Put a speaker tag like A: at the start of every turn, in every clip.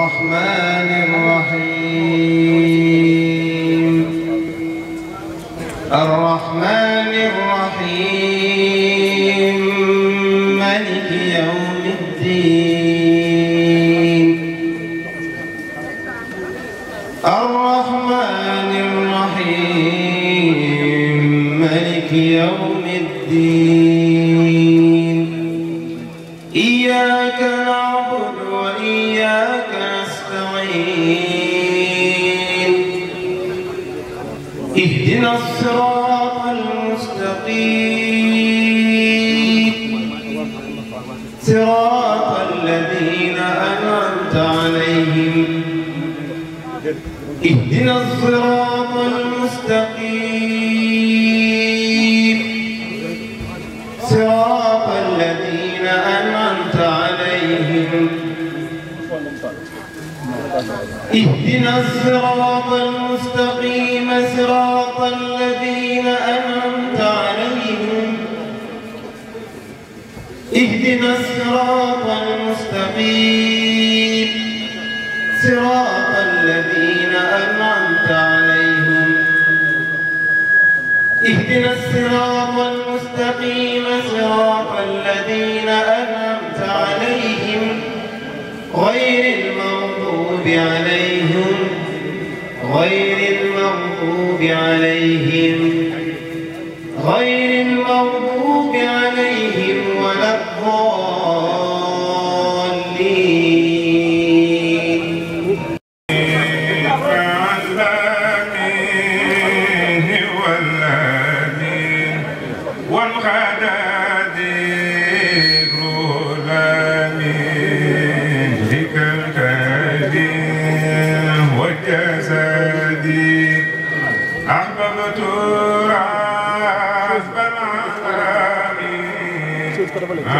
A: الرحمن الرحيم الرحمن اهدنا الصراط المستقيم صراط الذين أنعمت عليهم اهدنا الصراط المستقيم صراط الذين أنعمت عليهم اهدنا الصراط المستقيم صراط صراط المستقيم صراط الذين أنعمت عليهم اهدنا الصراط المستقيم صراط الذين أنعمت عليهم غير المغضوب عليهم غير المغضوب عليهم غير المغضوب
B: ¡Vamos!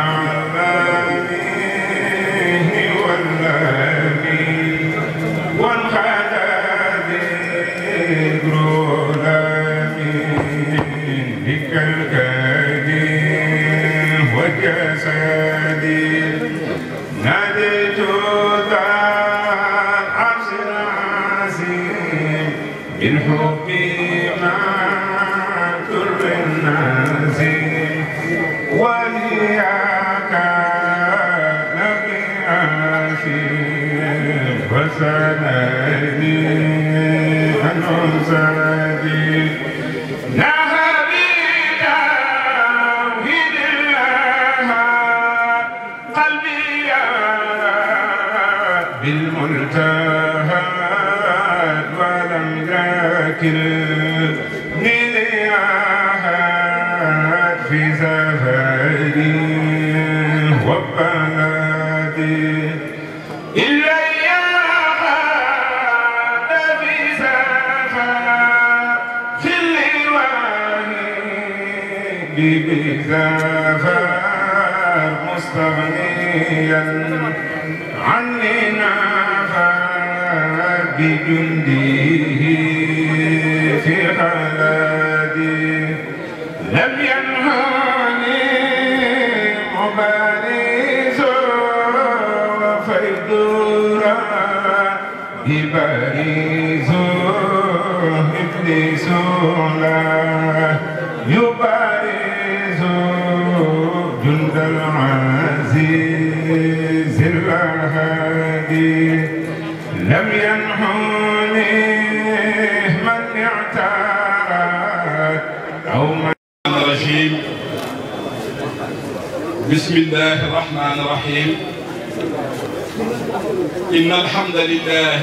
B: يبارزون يبارز العزيز الهادي لم ينحوني من اعترى او من الرجيم
C: بسم الله الرحمن الرحيم ان الحمد لله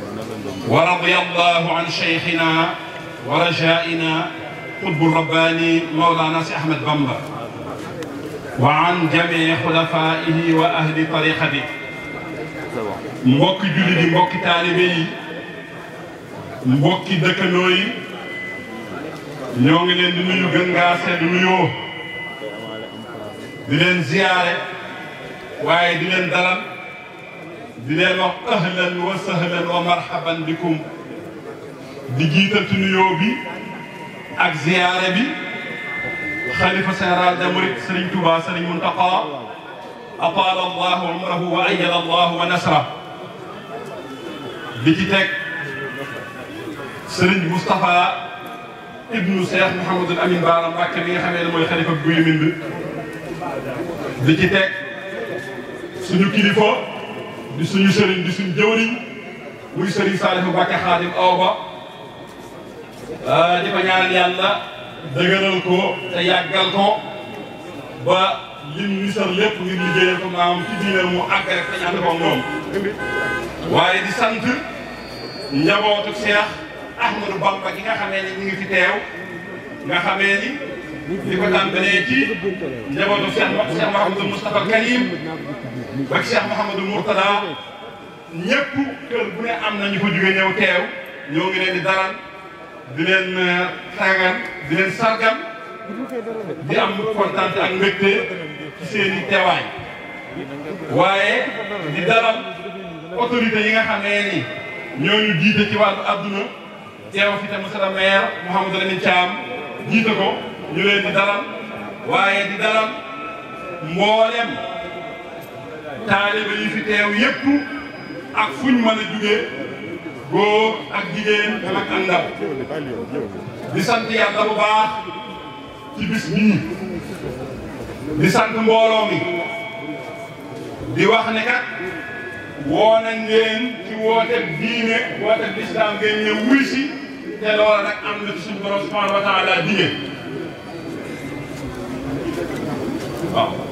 D: ورضي الله عن شيخنا
C: ورجائنا قطب الرباني مولانا سي احمد بمبا وعن جميع خلفائه واهل طريقته
D: موكي جولي موكي طالبي موكي دكنوي نيوغي لين دي نيو غنغا سيد نيو دي لين زياره واي دي لين دلام دينا اهلا وسهلا ومرحبا بكم دي جيتال نيو بي اك زياره بي خليفه سيرال دا مريد سيرن توبا سيرن منتقى اطال الله عمره وايد الله ونصره دي تك سيرن مصطفى ابن الشيخ محمد الامين بارام باك مي خامي موي خليفه بو دي تك سونو كليفه di suñu sëriñ di suñu jëwriñ muy sëriñ Saalifu Mbàkke Xaadim aw ba ah, di ko ñaanal yàlla dëgëral ko te yàggal ko ba lim nisal lépp ngir liggéeyal ko maam ci diine mu àgg rek te ñaan ko waaye di sant njabootu Cheikh Ahmadou Bamba gi nga xamee ni ñu ngi fi teew nga xamee ni di ko tàmbalee ci
E: njabootu Cheikh Cheikh Mouhamadou Moustapha
D: Karim ak Cheikh Mouhamadou Mourtada kër bu ne am na ñu ko jóge ñëw teew ñoo ngi leen di dalal di leen euh, tàngal di leen sargal di am kontaan ak mbégte ci seen i
F: waaye di dalal
D: autorité yi nga xam ne ñoo ñu jiite ci wàllu adduna teew fi te monsieur le maire Mouhamadou Lamine ko ñu leen di dalal waaye di dalal mboolem taaliba yi fi teew yépp ak fuñ mën a jugee góor ak jigéen mag ak ndaw di sant yàlla bu baax ci bis bii di sant mbooloo di wax ne kat ci wooteeb diine wooteeb lislaam ngeen ñëw wuy si te loola nag am na ci suñu borom subhanahu wa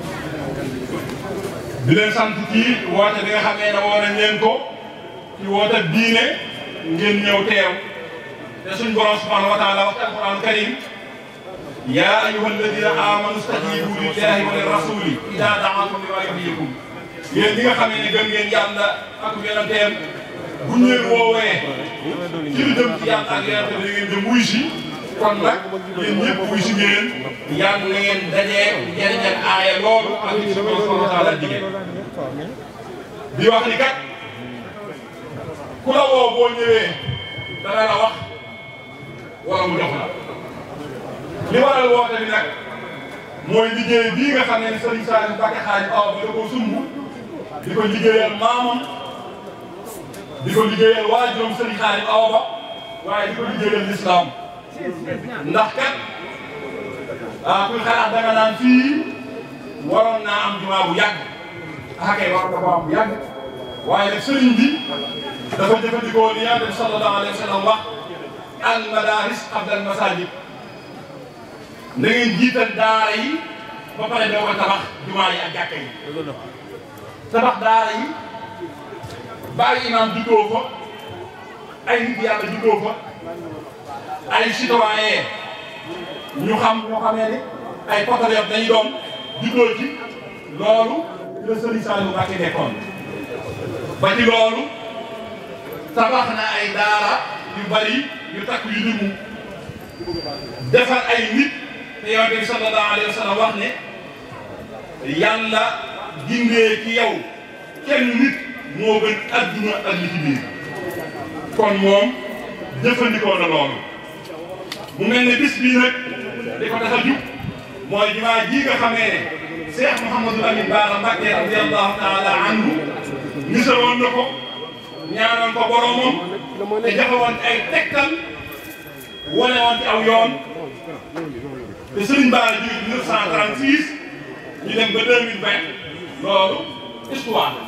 D: di leen sant ci woote bi nga xamee ne woo nañ leen ko ci woote diine ngeen ñëw teew te suñ borom subhanahu wa taala wax ci alquran karim yaa ayyuha alladina amanu stajibu lillahi wa lirrasuli ida daakum lima yuhyikum yéen ñi nga xamee ne gëm ngeen yàlla ak yonenteem bu ñu leen woowee ci lu jëm ci yàlla ak yonente bi ngeen jëm wuy si kon nag yéen ñëpp wu si ngeen ngeen dajee jariñal aaya loolu ak li si solo taala jigéen di wax ni kat ku la woo boo ñëwee dana la wax wala mu jox la li waral woote bi nag mooy liggéey bii nga xam ne Serigne Saliou Mbacké Xaadim Awa Ba da ko sumb di ko ko liggéeyal waajuram Serigne Xaadim Awa Ba waaye di ko liggéeyal lislaam ndax kat ah kuy xalaat danga naan fii waroon naa am jumaa bu yàgg akay ah, war nga ko am yàgg waaye nag sëriñ bi dafa jëfandikoo li Yonent sallallahu alayhi wa sallam wax al madaris na ngeen jiital daara yi ba pare doo ko tabax jumaa yi ak jàkka yi tabax daara yi bàyyi imaam juddoo ko ay nit yàlla juddoo fa ay citoyen ñu xam ñoo xamee ni ay patriote dañu doon juddoo ci loolu le Sëriñ Saliou Mbacké nekkoon ba ci loolu tabax na ay daara yu bari yu takk yu dugg defar ay nit te yonent bi sallallahu alayhi wa sallam wax ne yàlla gindee ci yow kenn nit moo gën adduna ak li ci biir kon moom jëfandikoo na mu mel ne bis bii nag li ko tax a jug mooy jumaa ji nga xamee ne Cheikh Mouhamadou Lamine taala anhu misawoon na ko ko boromam te joxewoon ay tegtal wane woon ci aw yoon te Serigne Bara ji 1936 ñu dem ba 2020 loolu histoire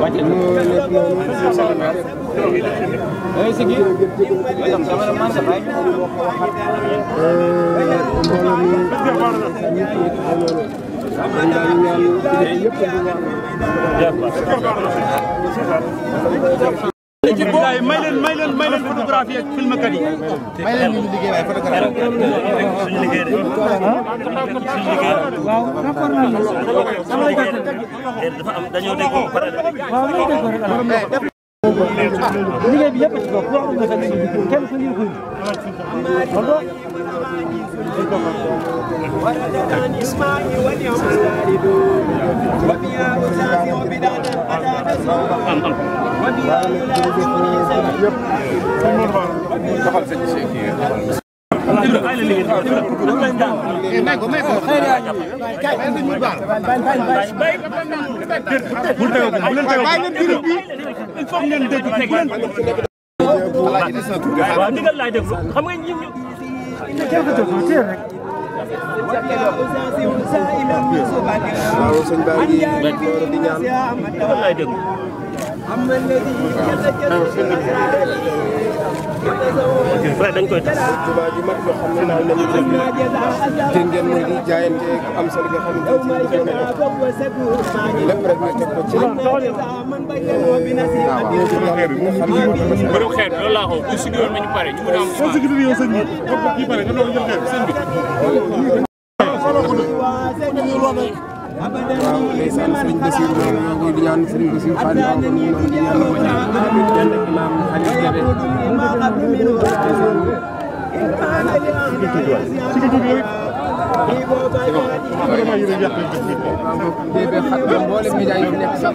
E: wàcce ay sigi yow tam sama man sa bàyyi
F: euh
G: mbooloo mi ci boo may leen may leen may leen photographie ak filmkat yi. may leen ñu liggéey waaye photographie. suñu liggéey de. suñu liggéey de. waaw rapport naa la.
E: dafa am dañoo déggoo pare. waaw loolu déggoo rek alors. liggéey bi yëpp ci bopp boo xam ne kenn ku ñu ولدان اسماعي واليوم الثالث وبيا وزاد وبدان أتى نصر وبيا يلازمني سيد وبيا Ibra bàyyi la liggéey Ibra am nañ daan. may ko may ko xëy na kay bàyyi ñu baal.
H: bu leen tegoo bu leen tegoo bàyyi leen dirib bi
E: il faut ngeen dégg teg leen. waaw ndigal laay déglu xam nga ñi waaw sëñ Ba ngi di ñaan. waaw. vrai dañ koy tas. Touba ju mag yoo xam ne naan nañu dégg te ngeen mooy di jaayante am solo nga xam ne ci lépp rek nga teg
D: ko ci. waaw xeer bi loolu laa ko bu si diwoon nañu pare ñu mën a am. soo si gis yow sëñ bi kii pare nga doon jël xeer sëñ
H: bi. waaw ndeysaan sëriñ Basiir moom
C: ñoo koy di ñaan sëriñ Basiir Fall waaw moom ñoo koy di ñaan moom tamit ànd ak imaam Aliou Kébé
D: bébé xat na mboolem média yi nekk sax.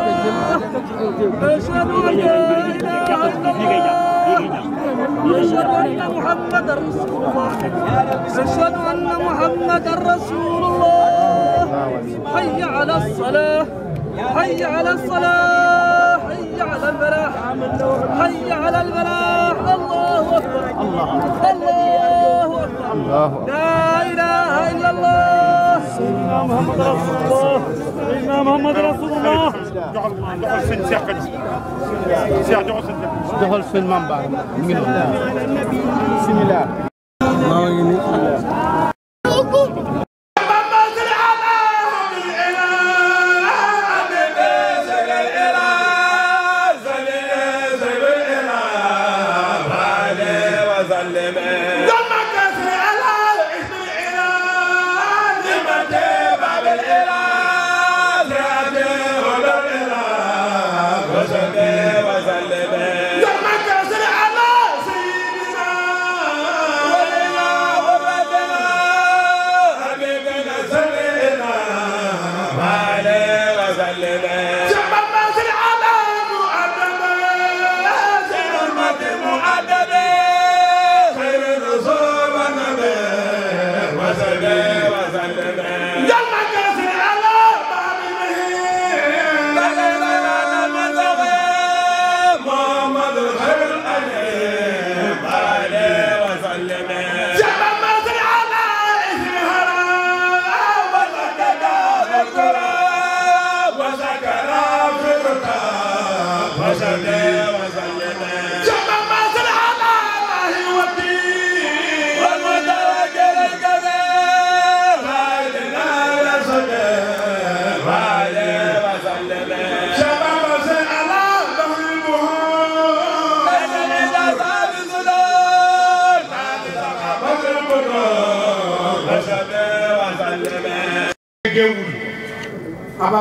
H: أشهد أن لا إله إلا أشهد أن محمدا رسول الله أشهد أن محمدا رسول الله حي على الصلاة حي على
F: الصلاة
H: حي على الفلاح حي على الفلاح الله أكبر الله
F: أكبر
H: لا إله إلا الله
I: سيدنا محمد رسول الله
F: سيدنا محمد رسول الله joxal joxal sëñ Cheikh
I: Kadi Cheikh joxal sëñ joxal sëñ Mame Bara mu ngi noonu bismillah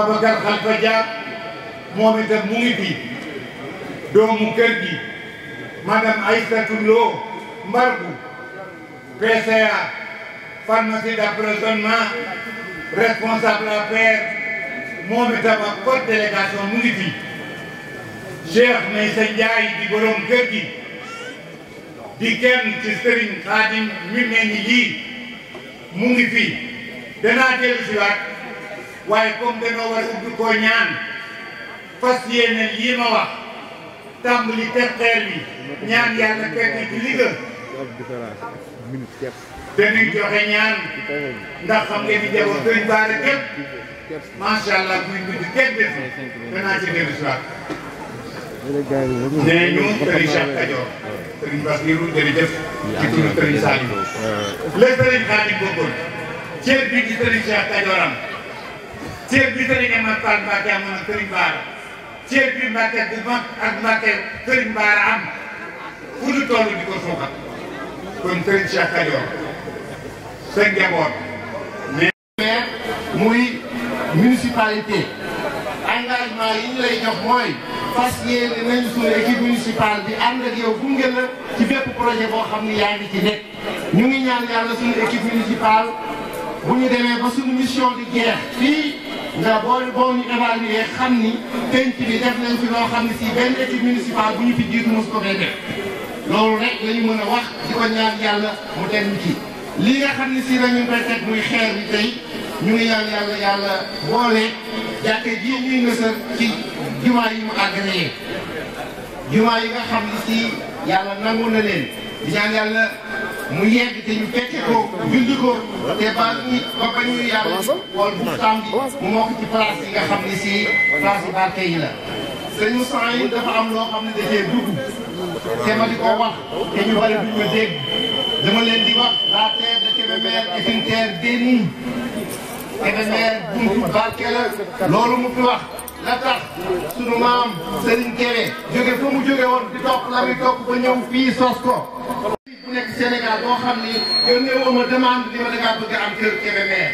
G: Babacar Xalifa Jaar moom itam mu ngi fi doomu kër gi madame Aïssatou Lo Mbargu PCA pharmacie d'approvisionnement responsable affaire moom itam ak code délégation mu ngi fi Cheikh Meissa Ndiaye di borom kër gi di kenn ci Serigne Khadim mi meññ yii mu ngi fi danaa dellu si waat waaye comme dañoo war a ubbi koo ñaan fas yéene lii ma wax tàmbali teg xeer bi ñaan yàlla fekk ci liggéey. danañ joxe ñaan ndax xam ngeen ni jago doy baare képp macha allah buñ mujj kenn def danaa ci dellu si waat.
J: nee ñu Serigne Cheikh Kajoor
G: Serigne Bassirou jërëjëf ci turu Serigne Saliou la Serigne Khadim ceeb bi sëriñ Amar Fall Mbacke amoon ak sëriñ ak Mbacke sëriñ am fu ñu toll di ko suuxat kon sëriñ Cheikh Kajoor sa njaboot
I: mais muy municipalité engagement yi ñu lay jox mooy fas nañu suñu équipe municipale bi ànd ak yow gunge la ci bépp projet boo xam ni yaa ngi ci nekk ñu ngi ñaan yàlla suñu équipe municipale bu ñu demee ba suñu mission di jeex fii nga boole boo ñu de xam ni penc bi def nañ fi loo xam ne si benn équipe municipale bu ñu fi jiitu ko fee def loolu mën a wax di ko yàlla mu dem ci lii nga xam ne si la ñu koy teg muy xeer bi tey ñu ngi ñaan yàlla yàlla boole jàkkee ji ñuy nësër ci jumaa yi mu agréé jumaa yi nga xam ne si yàlla nangu na leen di yàlla. mu yegg te ñu fekke ko bind ko te ba ñuy ba ba ñuy yàlla wala buxtaan mu mokk ci place yi nga xam ne si place yu barke la. te ñu saa am loo xam ne dafay dugg te ma di ko wax te ñu bari duñ ko dégg dama leen di wax la terre de Kébémer est une terre bénie buntu barke la loolu mu fi wax. la tax sunu maam Serigne jóge fa mu jóge woon di topp la muy topp ba ñëw fii sos ko. ku nekk Sénégal boo xam ni yow néewoo ma demande li ma dangaa bëgg am kër Kébémer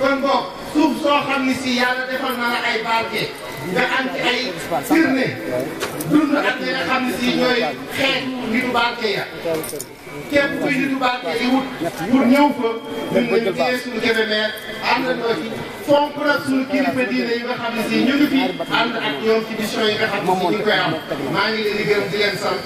I: kon boog suuf soo xam ni si yàlla defal na la ay barke nga am ci ay firnde dund ak nga xam ne si ñooy xeet nitu barke ak ñoom ci mission nga xam ne si ñu koy am maa ngi leen di gërëm leen sant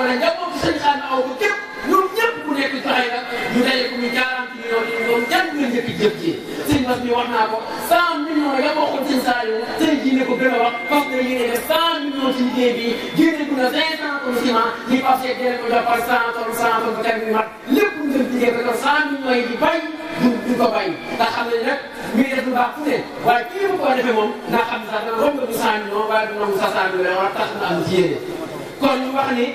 E: wala njabootu sëñ Xaadim aw ko képp ñoom ñëpp ku nekk ci ay la ñu daje ko ñu garanti ñoo ñu ñoom jan nga njëkk jëf ji sëñ Bass mi wax naa ko cent
H: millions ya waxoon sëñ Saliou tey
E: jii ne ko gën a wax parce que yéene def cent millions ci liggéey bi génne ko na cinq cent tonnes ciment li Pape Cheikh dina ko jox par cent tonnes cent tonnes ba tamit mat lépp lu dem liggéey ba cent millions yi di bay du du ko bay ndax xam nañ nag mi ngi def lu baax fu ne waaye kii mu ko defee moom ndax xam sax nag romb du cent millions waaye du nangu sa cent millions war tax na am ci yéene kon ñu wax ni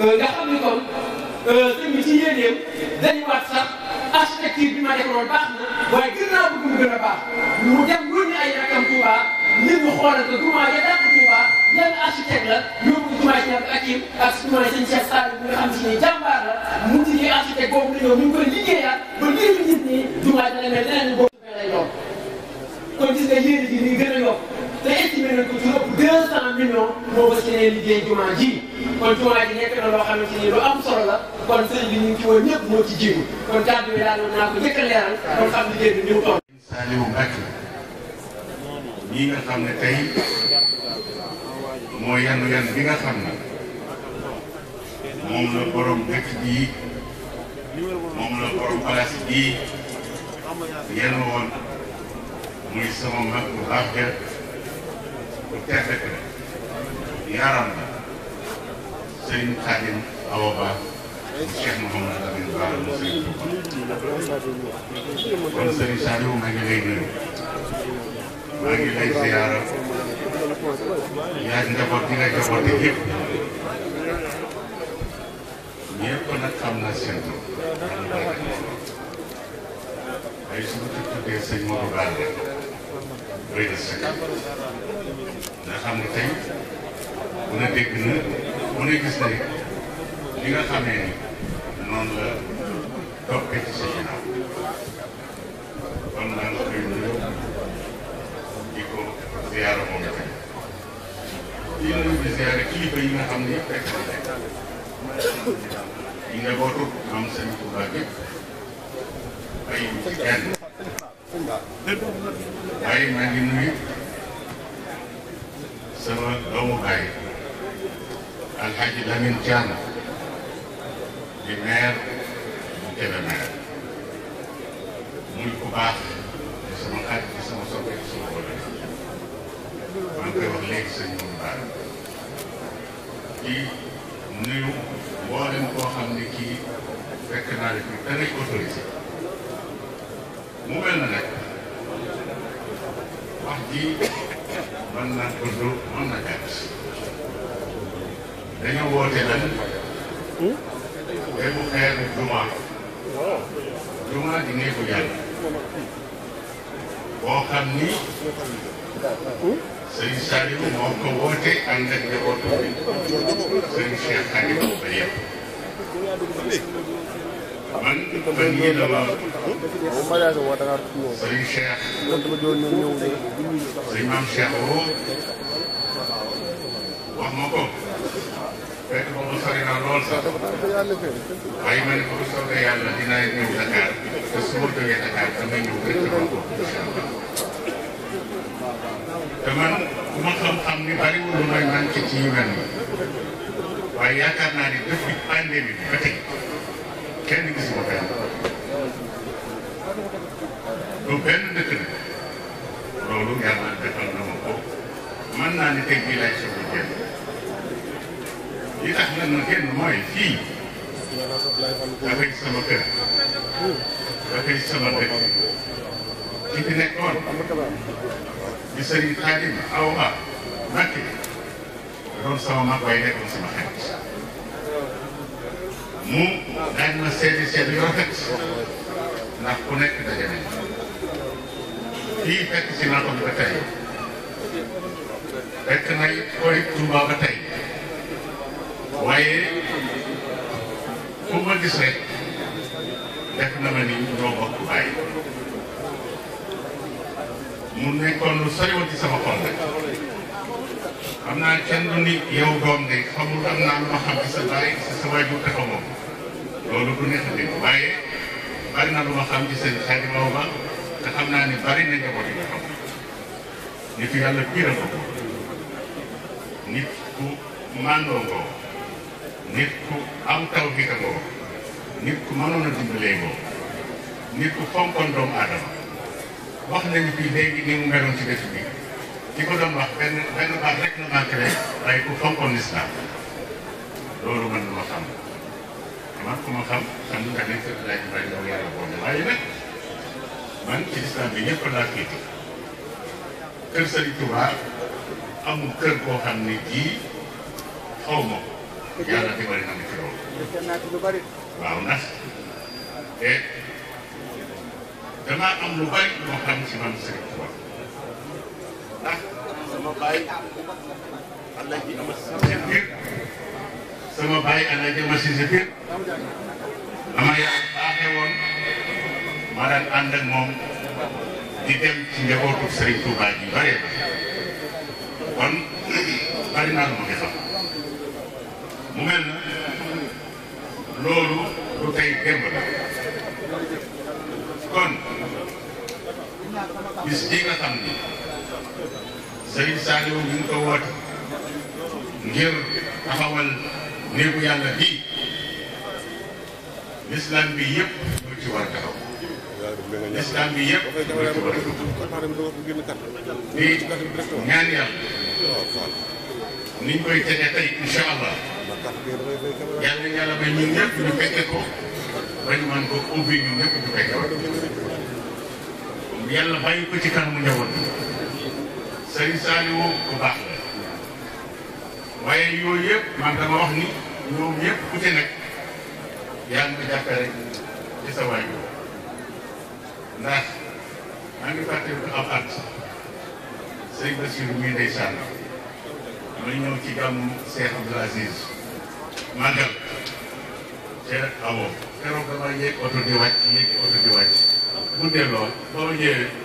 E: euh, nga xam ni kon euh, sëñ bi ci yéeneem dañu waat sax architecture bi ma defaroon baax na waaye gën naa bëgg mu gën a baax mu dem wënni ay rakam Touba ngir mu xoolal ko jumaa ya dàq Touba yan architecte la yóbbu jumaa ci ak Akim ak jumaa sëñ Cheikh Sall bi nga xam si ne jàmbaar la mu ci architecte boobu la ñëw ñu ngi koy liggéeyaat ba léegi nit ñi jumaa dana mel leneen boobu lay doon kon gis nga yéene ji nii gën a te estimé nañ ko ci ëpp 200 millions moo fas yéenee liggéey jumaa ji kon jumaa ji nekk na loo xamante ni lu am solo la kon sëñ bi ñu ngi ci woon ñëpp moo ci jiitu kon kàddu bi daal naa ko njëkk a leeral kon xam
J: liggéey bi ni ne tey bi nga xam ne moom la borom dëkk bii moom la muy sama mag bu baax bu kenn rek yaram la sëriñ Xaadim Awa Ba Cheikh Mouhamadou Lamine Ba
E: mu sëriñ Tuuba
J: kon sëriñ Saliou maa ngi lay nuyu maa ngi lay ziyaara yaa njaboot gi nga jaboote yëpp ñëpp nag xam na seen tur ay su ma tuddee sëñ Modou Balla rek doy na sëkk nga xam ne tey bu ne dégg na bu ne gis na li nga xamee ni noonu la toppee ci sa ginnaaw kon daal koy nuyu di ko ziyaara moom itam di nuyu di ziyaara kilifa yi nga xam ne yëpp fekk na leen njabootu am seen tubaab yëpp bàyyi ci kenn waaye maa ngi nuyu sama doomu baay Alxaaji Lamin Jaan di maire bu Kébémer muy ku baax di sama xarit di sama soppe di sama boole maa ngi koy wax léegi sëñ Mour Baar di nuyu mboolem koo xam ne kii fekk naa ne fii mu mel na nag wax ji. mën na tudd mën na gàtt dañoo woote lan bépp xeer juma juma di nekku yàlla boo xam ni hmm? sëñ Saliou moo ko woote ànd ak njabootu bi sëñ Cheikh Aliou ba yëpp man man yii la waaw. sëriñ Cheikh. sëriñ maam Cheikh woo. wax ma ko. fekk ba mu sori naa lool sax. waaye ma ne ko bu soobee yàlla dinaa ñëw Dakar te su ma jógee Dakar dama ñëw rek dama ko incha allah. te man ku ma xam-xam ni bariwul lu may manqué ci yu mel nii waaye yaakaar naa ni depuis pandémie bi ba tey. kenn gisuma fenn du benn dëkk na loolu yàlla defal na ma ko mën naa ne teg bii lay soog a génn li tax nag ma génn mooy fii dafay sama kër dafay sama dëkk ki fi nekkoon di sëriñ Xaadim aw ba Mbàkke doon sama mag waaye nekkoon sama xarit mu daañu na seede seede yu rafet ndax ku nekk daje nañ fii fekk si naa ko ba tey fekk nay koy Touba ba tey waaye ku ma gis rek def na ma ni ñoo bokk bàyyi mu nekkoon lu soriwoon ci sama xol rek. xam naa kenn du ni yow doom de xamul am naa lu ma xam ci sa baay ci sa waajur te xamoo loolu du neex a dégg waaye bari na lu ma xam ci seen xarit Maodo ba te xam naa ne bari na njaboot nit ku màndoo a dimbalee ngoo nit ku fonkoon doomu aadama wax nañu fii léegi ni mu meloon ci dëkk bi. ki ko doon wax benn baat rek la manqué leen waaye ku fonkoon lislaam loolu mën na ma xam man ku ma xam xam nga ne Seydi El Hadji Malick moom yàlla waaye nag man ci lislaam bi ñëpp laa féete kër Sëriñ Tuubaa amul kër koo xam ne jii xaw ma ko yàlla dimbali na ma ci loolu waaw ndax te eh, damaa am lu bari moo xam ci man Sëriñ Tuubaa sama baay alaaji Amat Sise Pir sama baay alaaji Amat Sise Pir dama yàlla baaxee woon ma daan ànd ak moom di dem ci njabootu Serigne Touba ji bare kon bari naa lu ma ngi xam mu mel na loolu du tey démb la kon bis ji nga xam ni Sëriñ Saliou ñu ngi ko woote ngir taxawal néegu yàlla bii l'islam bi yëpp lu ci war a l'islam bi yëpp lu ci war a taxaw di yàlla niñ koy tegee tey incha allah yàlla yàlla ba ñun ñëpp ñu fekke ko ba ñu mën ko ubbi ñun ñëpp ñu fekke ko yàlla bàyyi ko ci kanamu njaboot sëriñ Saliou ku baax waaye yooyu yëpp man dama wax ni ñoom yëpp ku ci nekk yaa ngi jàppe rek ci sa waajur ndax maa ngi fàttaliku ab at sëñ Basiru muy ndeysaan ma ñëw ci gàmmu Cheikh Abdoul Aziz màggal ca awo keroog dama yéeg oto di wàcc yéeg oto di wàcc bu delloo boo ñëwee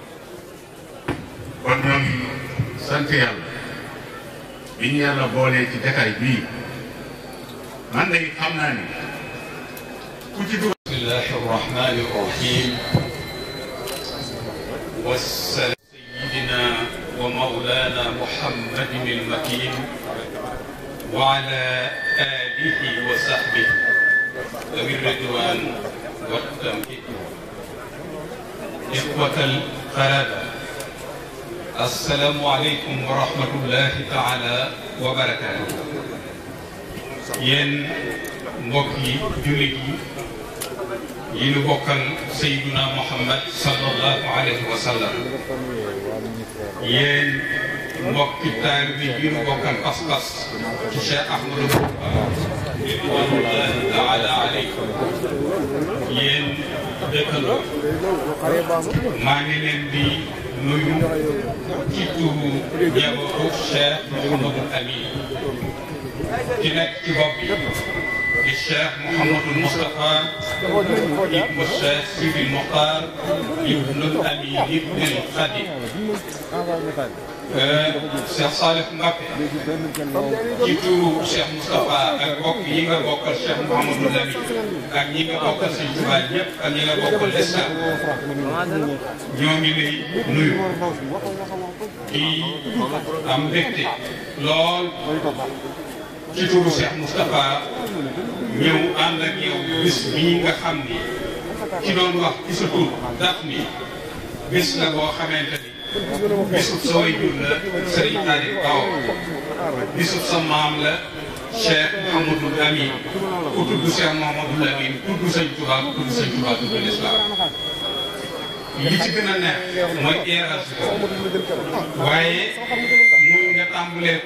J: kon ñoo ngi sant yàlla bi ñu yàlla boolee ci jataay bii man de xam naa ni ku ci dugg
C: bismillahi arrahmani arrahim wassalam sayyidina wa mawlana muhammadin almakin wa ala alihi wa sahbihi ذوي الرضوان والتمكين إخوة القرابة السلام عليkum wa rahmatullahi taala wa barakaatu yéen mbokk yi jullit yi yi nu bokkal sayduna muhammad sallallahu alayhi wa sallam yéen mbokki taar bi yi nu bokkal pas-pas ci Cheikh Ahmadou Bamba ridwanullahi taala alaykum yéen dëkkandoo maa ngi leen di nuyu ci turu njabootu Cheikh Mouhamadul Amin di nekk ci bopp bi di Cheikh Mouhamadul Moustapha ibnu Cheikh Sidi Mokhtar ibnul Amin ibnul Xadim Cheikh Salif Mbacké jiitu Cheikh Moustapha ak mbokk yi nga bokkal Cheikh Mouhamadou Lamine ak ñi nga bokkal Sëñ Tuubaa ñëpp ak ñi nga bokkal l'islam ñoo ngi lay nuyu di am mbégte lool ci turu Cheikh Moustapha ñëw ànd ak yow bis bii nga xam ni ci doon wax ci sa tur daf ni bis la boo xamante ni bisub sa wayjur la sëriñ Aliou Awa bisub sa maam la Cheikh Mouhamadoul Amine ku tudd Cheikh Mouhamadoul Amine tudd sëñ Touba tudd
A: sëñ Touba tudd l'islam
C: li ci gën a neex mooy eeras ko waaye muy nga tàmbalee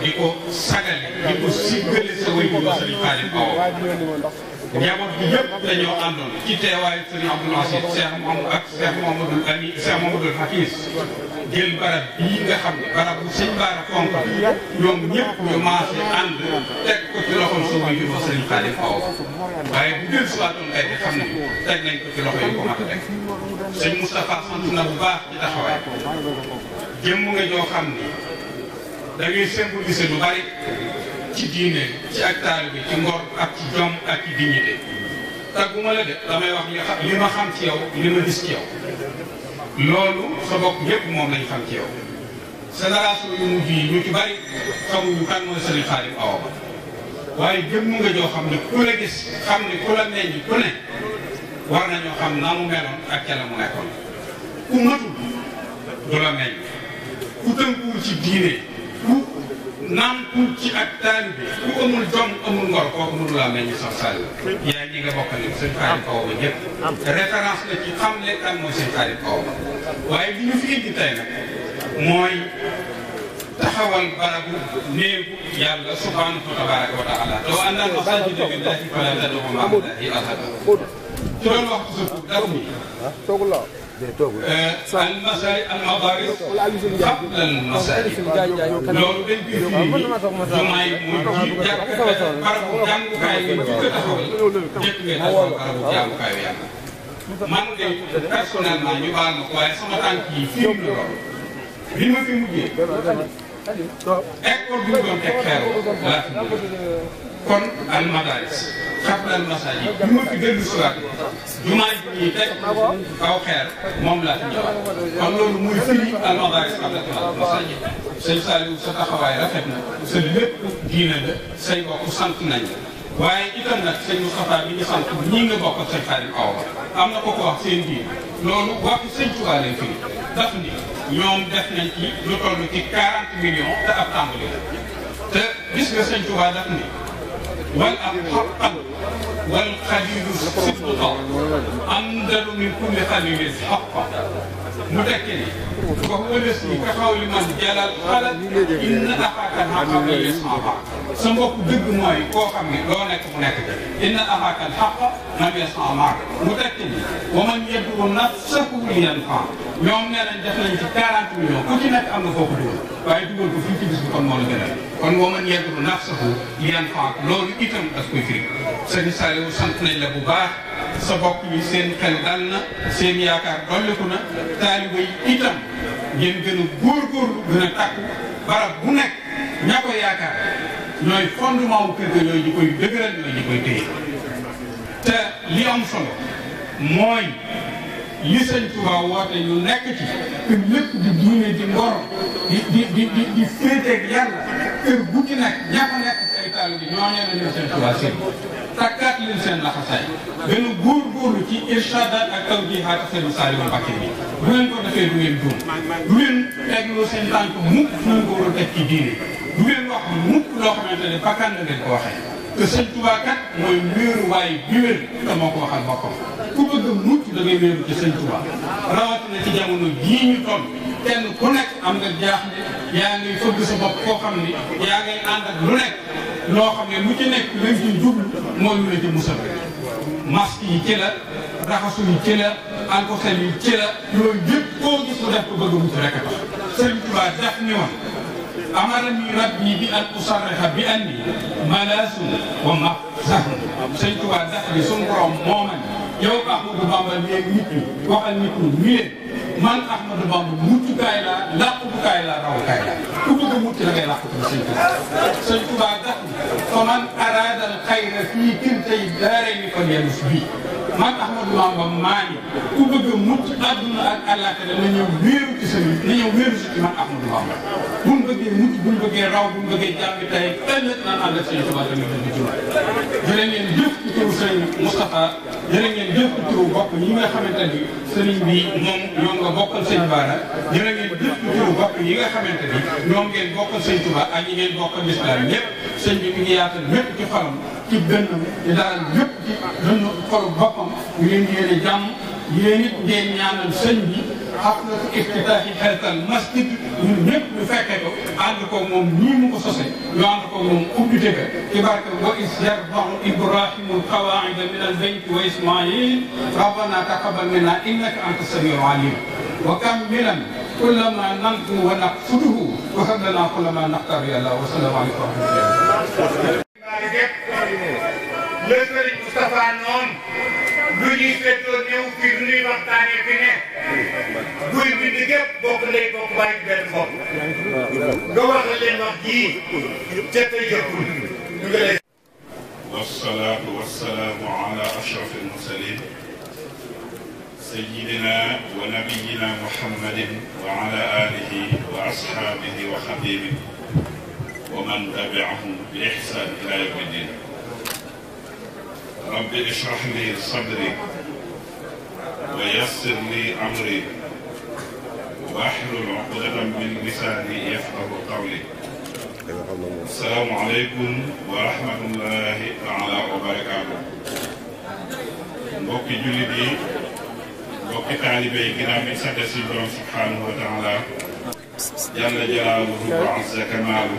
C: di ko sagale di ko siggale sa wayjur sëriñ Aliou
B: Awa
C: njaboot bi yëpp dañoo àndoon ci teewaayu sëriñ Abdoul Aziz Cheikh Mouhamadou ak Cheikh Mouhamadou Ami Cheikh Mouhamadou Hafiz jël barab bii nga xam ne barab bu sëñ Baara fonk ñoom ñëpp ñu maase ànd teg ko ci loxol yu ma sëriñ Xaadim waaye bu jël suwaatoon tey bi xam ne teg nañ ko ci yi ko mat a teg sëñ Moustapha na bu baax ci taxawaay jëmm nga ñoo xam ni da ngay symboliser lu bari ci diine ci ak taalibe ci ngor ak ci jom ak ci dignité tagguma la de damay wax li xam li ma xam ci yow li ma gis ci yow loolu sa bopp ñëpp moom lañ xam ci yow génération yu mujj yi ñu ci bari xamuñu kan mooy Serigne Khadim Awa Ba waaye jëmm nga joo xam ne ku la gis xam ne ku la meññ ku ne war nañoo xam na mu meloon ak ca la mu nekkoon ku matul du la meññ ku tënkuwul ci diine ku nàmpul ci ak taalibe ku amul jom amul ngor kooku mënu laa mel ni sax yaa ngi nga ni sëñ Faari Kaw ba ñëpp référence la ci xam le kan mooy sëñ Faari Kaw ba waaye li ñu fi indi tey nag mooy taxawal barabu néegu yàlla subhaanahu tabaaraka wa taala te wa annal masaajida lillaahi falaa tad'uu ma'a llaahi ahadan ci doon wax suuf daf ni Eh, almasay almadaris qabla almasay loolu dañ koy firi jumaay mooy ji jàkk barabu jàngukaay bi njëkk a taxawal njëkk ngay taxawal barabu jàngukaay yàlla man de personnellement ñu baal ma ko waaye sama tànk yi fii la lool bi ma fi mujjee école bi ñu doon teg xeer laa fi mujjee kon al madaaris xab al masaajid bi ma fi dellu siwaat jumaa ji ñuy teg kaw xeer moom laa fi ñëwaat kon loolu muy firi al madaaris xab al masaajid sëñ Saliou sa taxawaay rafet na sa lépp diina la say bokk sant nañ waaye itam nag sëñ Moustapha bi ñu sant ñii nga bokkal sëñ Xaadim Awa am na ko ko wax seen diin loolu waxu sëñ Tuubaa leen firi daf ni ñoom def nañ ci lu toll ci 40 millions te ab tàmbali la te gis nga sëñ Tuubaa والأب حقا والخليل صدقا أندل من كل خليل حقا مذكرا وهو الذي كقول من جلال خلق إن أخاك الحق ليصحبك sa mbokk dëgg mooy koo xam ne loo nekk mu nekk inna axaaka alxaq man yasmaa maak mu tekk ni wa man yaddu nafsahu li yanfa ñoom nee nañ def nañ ci 40 millions ku ci nekk am na foo ko dugal waaye dugal ko fii ci bis bi kon moo la gënal kon wa man yaddu nafsahu li yanfa loolu itam daf koy firi sëñ Saliou sant nañ la bu baax sa bopp bi seen xel dal na seen yaakaar dolliku na taaliba yi itam ngeen gën a góorgóorlu gën a takku barab bu nekk ña ko yaakaar ñooy fondement wu kër ga ñooy ñu koy dëgëral ñooy ñu koy téye te li am solo mooy li sëñ Tuubaa woote ñu nekk ci kër lépp di diine di ngor di di di di di féeteeg yàlla kër bu ci nekk ñàkk nekk ci ay taal bi ñoo ñeme leen sëñ Tuubaa seen takkaat leen seen laxasaay gën a góorgóorlu ci irshadaat ak tawjihaat sëñ Saliou Mbacké bi bu ngeen ko defee du ngeen juum du ngeen tegloo seen tànk mukk fu ngeen a teg ci diine du ngeen wax mukk loo xamante ne bakkan la ngeen ko waxee te sëñ Tuubaa mooy wéeruwaay bi wér te moo ko waxal boppam ku liggéey bi ci sëñ Touba rawatina ci jamono jii ñu toll kenn ku nekk am nga jaaxle yaa ngi fëgg sa koo xam ni yaa ngay ànd ak lu nekk loo xam ne mu ci nekk lañ ci jublu mooy lu la ci musal masque yi ci raxasu yi ci la alkosel yi ci loolu yëpp koo gis mu def ko bëgg mucc rek a tax sëñ Touba def ni woon amarani bi an bi anni malaasun wa ma sax sëñ Touba def ni suñu borom moo yow Ahmadou Bamba léegi nit ñi waxal nit ñi ñu leen man Ahmadou Bamba muccukaay laa làqukaay laa rawukaay laa ku bëgg a mucc la ngay làqatu sëñ Tuubaa sëñ Tuubaa dax fa man araada al xayra fii kiltay daarayni fa yellus bii man Ahmadou Bamba maa ni ku bëgg a mucc àdduna ak àllaaxira na ñëw wéeru ci sa na ñëw wéeru ci man Ahmadou Bamba bu ñu bëggee mucc bu ñu bëggee raw bu ñu bëggee jàmm tey ëllëg naan ànd ak Sëriñ Tuubaa tamit dëgg jula jërë ngeen jëf ci turu Sëriñ Moustapha jërë ngeen jëf ci turu bokk ñi nga xamante ni sëriñ bi moom ñoom nga bokkal Sëriñ Baara jërë ngeen jëf ci turu bokk ñi nga xamante ni ñoom ngeen bokkal Sëriñ Tuubaa ak ñi ngeen bokkal lislaam ñëpp sëñ bi mi ngi yaatal ñëpp ci xolam ci gënnam di dalal ñëpp ci dund xolu boppam ñu leen yéene jàmm yéen it ngeen ñaanal sëñ bi xaflatu iftitaahi xeltal masjid ñun ñëpp ñu fekke ko ànd ko moom nii mu ko sose ñu ànd ko moom ubbite ka ci barke wa is yarbahu ibrahimu alqawaida min albeyti wa ismail rabbana taqabal minna innaka anta samiu alim wa kammilan كلما ننقو ونقصده وهب لنا كلما نختار يا الله والسلام عليكم ورحمه الله Sénégal
G: yëpp le sëriñ Moustapha noonu lu ñuy féetoo ñëw fii lu ñuy waxtaanee fi ne buy bind gépp bokk lay bokk bàyyi benn bopp nga wax leen wax jii te te jëkkul
D: ñu ngi lay. wasalaatu wasalaamu ala ashraf almursalin سيدنا ونبينا محمد وعلى آله وأصحابه وخديمه ومن تبعهم بإحسان إلى يوم الدين رب اشرح لي صدري ويسر لي أمري واحلل عقدة من لساني يفقه قولي السلام عليكم ورحمة الله تعالى وبركاته mbokki جلدي yi mbokki taalibe yi ginnaaw سبحانه وتعالى si جلاله وعز كماله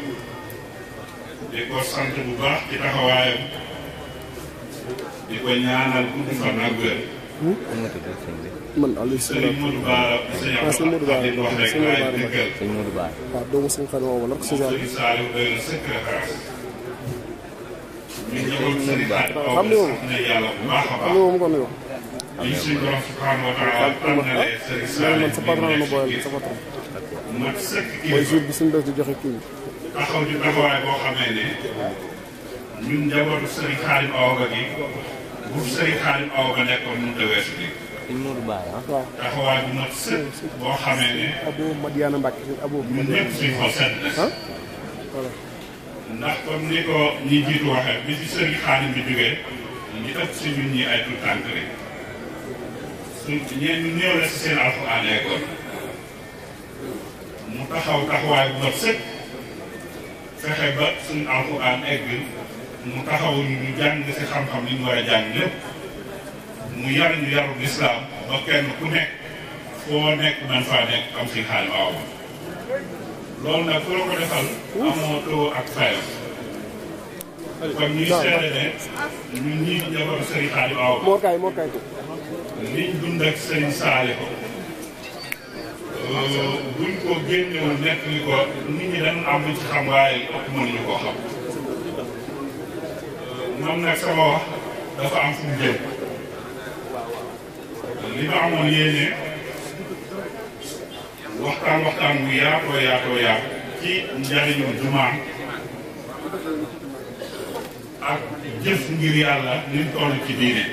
D: di ko sant bu baax ci taxawaayam di ko ñaanal gudd fan ak wér.
J: man Aliou Sëriñ Modou Bara ah sëñ Modou Bara la wax sëñ Modou Bara
K: waaw ah, doomu sëñ Xadim Awa la sëñ
D: Saliou doy na sëkk référence ñun ñëwoon sëriñ Xadim Awa xam ne moom yàlla bu baax a baax moom kon yow
K: li
I: suñu borom subhanahu wa taala tànnalee sëriñ Saliou ah, man sa patron ma booyal sa patron mooy jour bi suñu des di joxe kii taxaw ci taxawaay boo xamee
D: ne ñun njabootu sëriñ Xaadim Awa Ba gi bu sëriñ Xaadim Awa Ba nekkoon mënut a weesu bi
A: ah. taxawaay bu mat sëkk
D: boo ndax comme ni ko jiitu waxee bi ci sëriñ Xaadim bi jógee ñi si ñun ñi ay tuut tànk rek suñ ñeen ñu si seen alxuraan école mu taxaw taxawaay bu mat sëkk fexe ba suñu alxuraan egg mu taxaw ñu jàng si xam-xam li ñu war a jàng lépp mu yar ñu yaru lislaam ba kenn ku nekk foo nekk man faa nekk am si xaalis waaw loolu nag ku la ko defal amoo too ak fayam kon ñuy seere ne ñun ñii jabar sëriñ xaalis waaw liñ dund ak sëriñ saali ko buñ ko génnewul nekk li ko nit ñi dañ am lu ci xam waaye ëpp mënuñu koo xam euh, man nag sama dafa am fu mu
F: li ma amoon yéene waxtaan waxtaan bu yaatoo
D: yaatoo yaat ci njariñu jumaa ak jëf ngir yàlla ni mu ci diine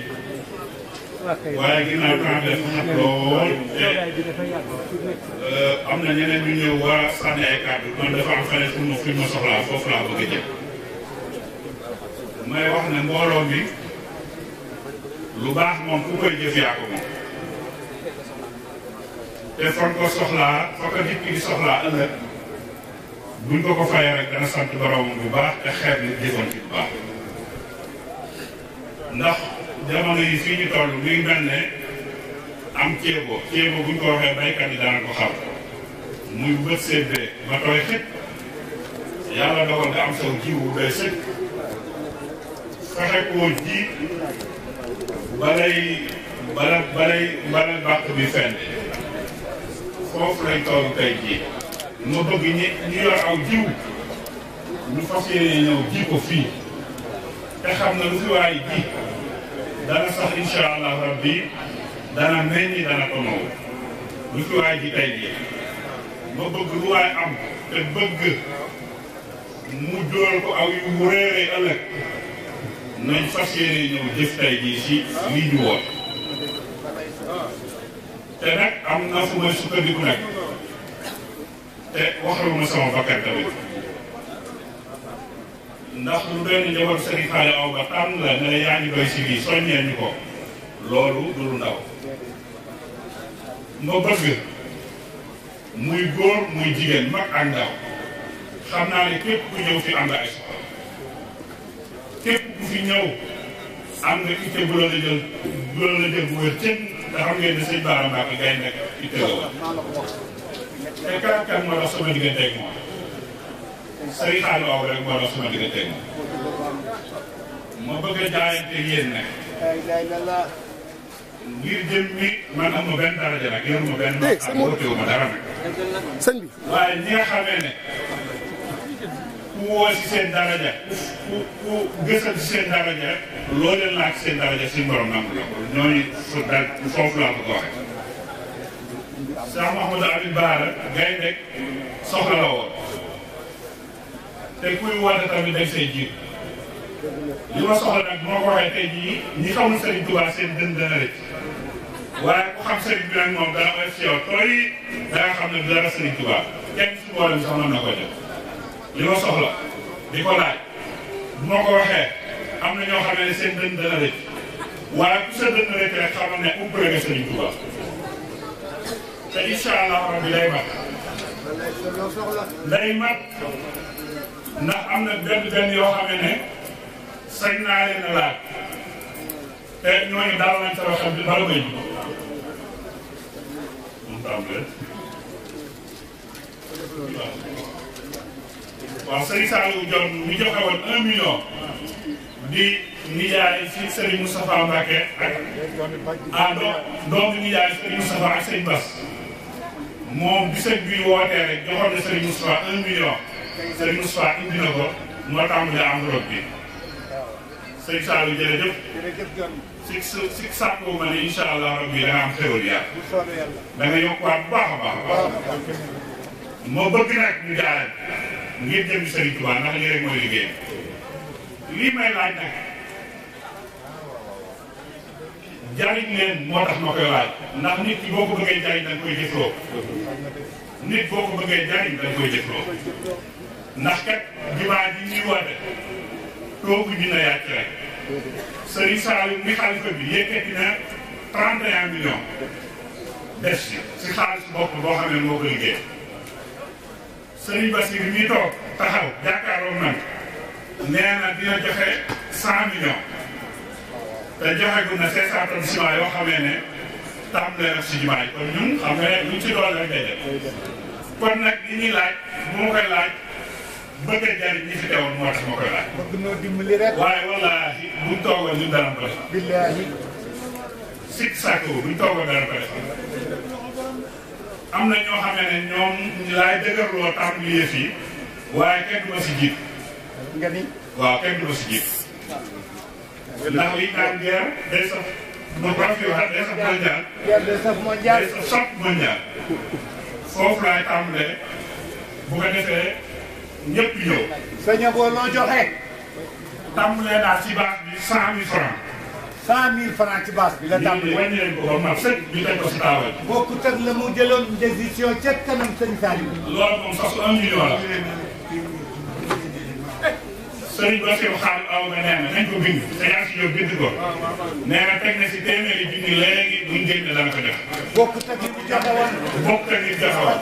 D: waaye ginnaaw temps bi dafa nag lool te am na ñeneen ñu ñëw waa sànni ay kàddu man dafa am feneen pour ma fi ma soxlaa foofu laa bëgg a jëm may wax ne mbooloo mi lu baax moom ku koy jëf yaa ko moom te fan ko soxlaa fa ko nit ki di soxlaa ëllëg buñ ko ko fayee rek dana sant boroomam bu baax te xeeb nit jëfoon ci bu baax ndax jamono yi fii ñu toll muy mel ne am ceebo ceebo buñ ko waxee baykat yi daana ko xam muy bët seddee ba tooy xëpp yàlla dogal nga am saw jiw bu doy sëkk fexe koo ji balay bala balay bala bàq bi foofu lañ toll tey jii ma bëgg ñi ñu yor aw jiw ñu fas yéene ñëw ji ko fii te xam na lu fi waay ji dana sax incha allah rabbi dana meññ dana ko moom lu fi waay ji tey jii ma bëgg lu waay am te bëgg mu dool ko aw yu mu réeree ëllëg nañ fas yéene ñëw jëf tey jii si lii ñu woon te nag am na fu may sukkandiku nag te waxaluma sama bakkan tamit ndax lu benn njaboot Serigne aw ba tànn la ne yaa ngi doy si bii soññee ñu ko loolu du lu ndaw ma bëgg muy góor muy jigéen mag ak ndaw xam naa ne képp ku ñëw fi am nga ay képp ku fi ñëw am nga itte bu la jël bu la jël bu wér cën nga xam ngeen ne sëñ Bara Mbacké gay nekk itte la woon te kan kan ma dox sama digganteeg moom Serigne Fallou Aw rek moo dox sama diggante ak ma bëgg a jaayante yéen nag. ngir jëm mi man am ma benn daraja nag yoruma benn ma nag. sëñ bi waaye ñi nga xamee ne ku woo si seen rek gaynde soxla la woon. te kuy wàll tamit day say jiir li ma soxla nag moo ko waxee jii ñi xamul Serigne Touba seen dën dana waaye ku xam Serigne bi nag moom dana si yow tooy da xam ne du dara Serigne Touba kenn si boole bi sax mën na ko def li ma soxla di ko laaj bu ma ko waxee ñoo xam ne seen dën dana waaye ku sa dën rëcc rek ne ubbi la nga Serigne te incha rabbi day ndax am na benn benn yoo xamee ne sañ naa leen a laaj te ñooñu daal nañ sama xam bi bala may ji mu tàmbalee waaw sëriñ Saliou Dione mi joxe woon un million di nijaay ci sëriñ Moustapha Mbacke ak ah doo doom di nijaay sëriñ Moustapha ak sëriñ Bass moom bisag bi wootee rek joxoon na sëriñ Moustapha un million sëñ Moustapha indi na ko moo tàmbali enveloppe bi sëñ Saalum jërëjëf. si si sàkkoo ma ne incha allah rabbi danga am xéwal yaa da nga yokkuwaat baax baax moo bëgg nag ñu jaarale ngir jëm sëriñ Tuubaa ndax lii rek mooy liggéey lii ndax nit ki boo ko bëggee jariñ da koy jëfloo nit boo ko bëggee jariñ da koy jëfloo ndax kat jumaa ji ñuy woote toogu ñu na yàcc rek Serigne Saliou mi xalifa bi yëkkati na 31 millions def si xaalis bopp boo xam ne moo ko liggéey Serigne Bassir mi toog taxaw jàkkaaroom nag nee na dina joxe 100 millions te joxe gu na 500 tonnes ciment yoo xamee ne tàmbalee na si jumaa ji kon ñun xam nga ne luñ ci doon rek day kon nag li ñuy laaj bu koy laaj. bëgg a jariñ ñi fi teewoon moo tax ma koy laaj. bëgg noo dimbali rek. waaye wallaahi buñ toogoon ñun dara ko def. billaahi. sikk sàkko buñ toogoon dara ko def. am na ñoo xam ne ñoom laay dëgërloo tàmbali yëf yi waaye kenn du ma si jiit. nga ni. waaw kenn du ma si jiit. ndax day day mondial. day mondial day mondial. foofu laay bu ko defee. ñëpp ñëw. sëñ boo noo joxe.
G: tàmbalee naa ci base bi cent mille francs. bi la tàmbalee. leen ko ba mu mat sëkk ñu teg ko si taawal. bokkut ak la mu jëloon décision ca kanam sëñ Saliou. loolu
D: moom sëriñ Basiru xaal aw ba nee na nañ ko bind sañaa si jóg bind ko nee na teg
F: na si téeméeri junni léegi
D: buñ génn dana ko def bokk tagi bu jaxawan bokk tagi bu jaxawan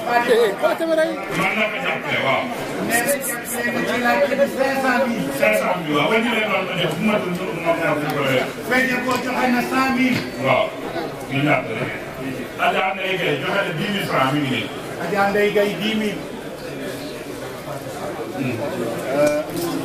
I: man la ko
D: jàppale waaw
I: cinq cent mille
D: waaw wañu leen doon ko def bu matul moom ñaar ko def
G: fekkee koo joxe na cent mille
D: waaw ñu jàppale Adja Ndeye Gueye joxe na dix mille francs mi ngi nii
G: Adja Ndeye Gueye dix mille hmm. euh,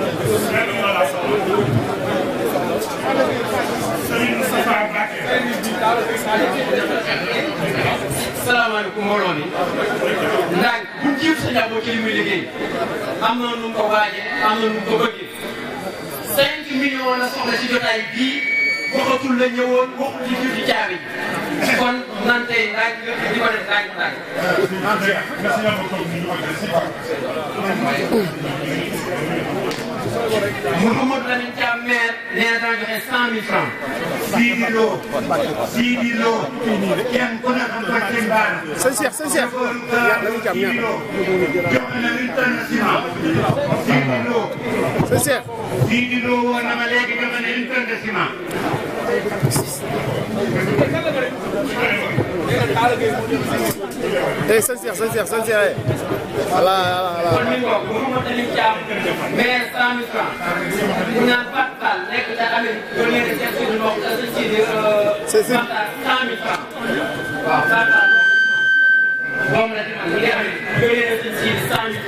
F: Serigne Moustapha Mbacké.
E: salaamaaleykum mbooloo mi. ndax bu ci li muy liggéey. am na nu mu am na nu mu ko bëggee. 5 millions la soxla jotaay bii waxatul la ñëwoon waxul ci jiw ci caabi kon nan tey ndànk di ko def ndànk ndànk. merci
F: beaucoup. Mouhamadou
E: Lamine
I: Thiam maire nee naa joxe cent mille francs.
G: Sidi Lo Sidi Lo
I: kenn ku ne xam nga seen baar. sëñ Cheikh sëñ Cheikh. Sidi Lo jox na une tonne ciment. Sidi Lo. sëñ Cheikh. Sidi Lo woo na ma léegi jox na une tonne de ciment. tey sëñ Cheikh sëñ Cheikh sëñ Cheikh. Eh. voilà voilà voilà. kon mi ngi wax Mouhamadou Lamine Thiam maire cent mille francs. ñu naan
E: Fatou Fall nekk ca Amérique ba léegi ca Sidi Mbow ca Sidi. c'est ça cent mille francs waaw Fatou Fall moom la
I: ci man li nga xam ne
E: ba léegi ca Sidi cent mille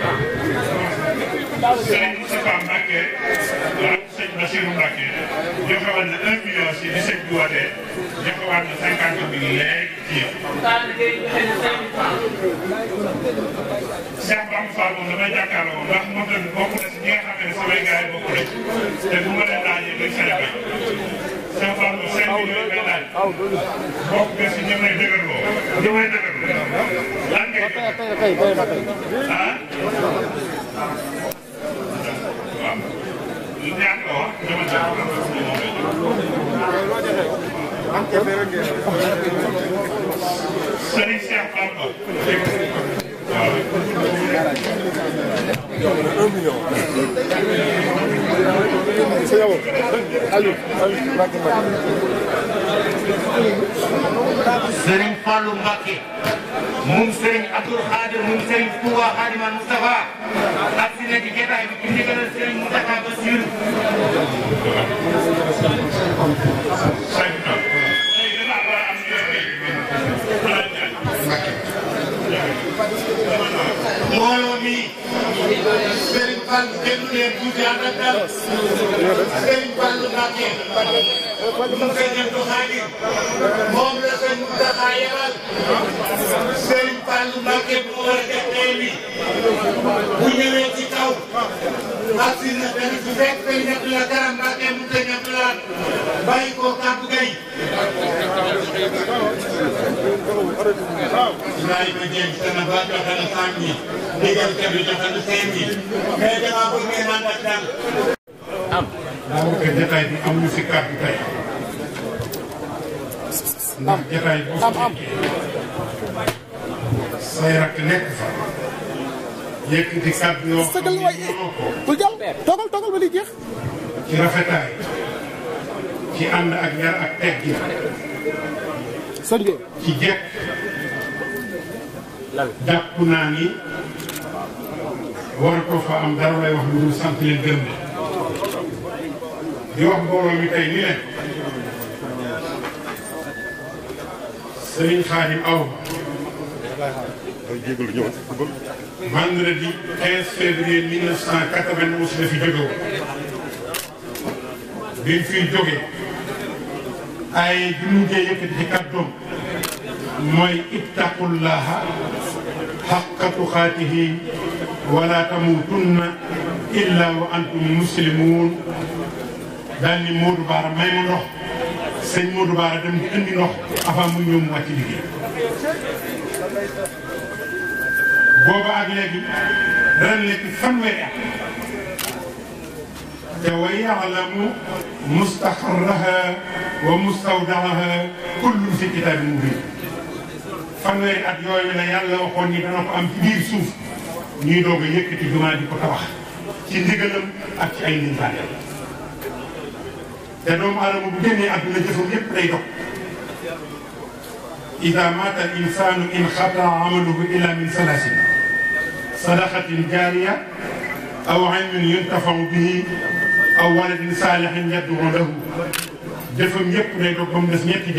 D: francs. sëñ Bassirou Mbacke joxewoon na un million si bi sëñ bi wootee joxewaat na cinquante
B: mille léegi ci yow.
D: Cheikh Bamba Fall moom damay jàkkaarloo moom ndax moom tamit bokk na si ñi nga xam ne samay gars yi bokk nañ te bu ma leen laajee duñ sa def Cheikh Fall moom cinq millions ngay laaj bokk nga si ñoom lay dëgër loo ñoom lay dëgër loo lan ngay def ah.
B: Serigne Cheikh Bamba. waaw.
I: un million. sëñ Abo. Aliou. Serigne Fallou Mbacké. moom Serigne Abdoul Khadir moom Serigne Touba Khadimal
C: Moustapha ak si nekk jotaay bi ci ndigalal Serigne Moustapha Bassir.
G: mbooloo mi. Serigne Fall déglu leen tuuti ànd ak dal Serigne Fall Mbacke mu sëñ Abdou Khadir moom la sëñ Moustapha yebal Serigne Fall Mbacke mu war a def tey bi bu ñëwee ci kaw. ak si na dana su fekk Serigne Abdou la garam xalaat bàyyi ko kàddu gay Ibrahima Dieng sa na ba joxe na cent mille
D: digal kër yi joxe na cinq mille mais damaa bëgg ngeen ànd ak dal am daanaka jotaay bi amuñu si kàddu tey ndax jotaay bu say rakk nekk fa yëkkati kàddu yoo xam ne mënoo ko.
I: toogal toogal ba li jeex.
D: ci rafetaay. ci ànd ak yar ak teggin. ci jekk. jàpp naa ni war ko fa am dara wax lu dul sant leen gërëm di wax mbooloo mi tey ni leen. Sëriñ Xaadim aw vendredi 15 février 1991 la fi jóge woon bi mu fiy jógee ay bi mu jee yëkkati ci kàddoom mooy ittaqullaha xaqa tuqaatihi wala tamuutunna illa wa antum muslimuun daal ni Modou Baara may ma ndox sëñ Modou Baara dem di indi ndox avant mu ñëw mu wàcc liggéey booba ak léegi ren nekk fanweeri at ويعلم مستقرها ومستودعها كل في كتاب مبين fanweeri at yooyu la yàlla waxoon ni dana ko am ci biir suuf ñuy doog a yëkkati jumaa di ko tabax ci ndigalam ak ci ay ndimbaale te doomu aadama bu génnee àdduna jëfam yépp day dog ida mata al insanu in xata amaluhu illa min salasin sadaqatin jaariya aw ilmin yuntafau bihi aw waladin saalihin yad'uu lahu jëfam yëpp day doog ba mu des ñetti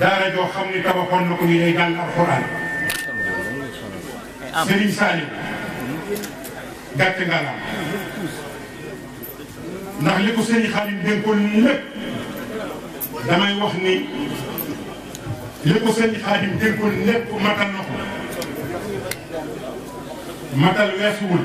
D: daara joo xam ni tabaxoon na ko ñu day jàng damay wax ni li ko Serigne Khadim dénkoon lépp matal na matal weesuwul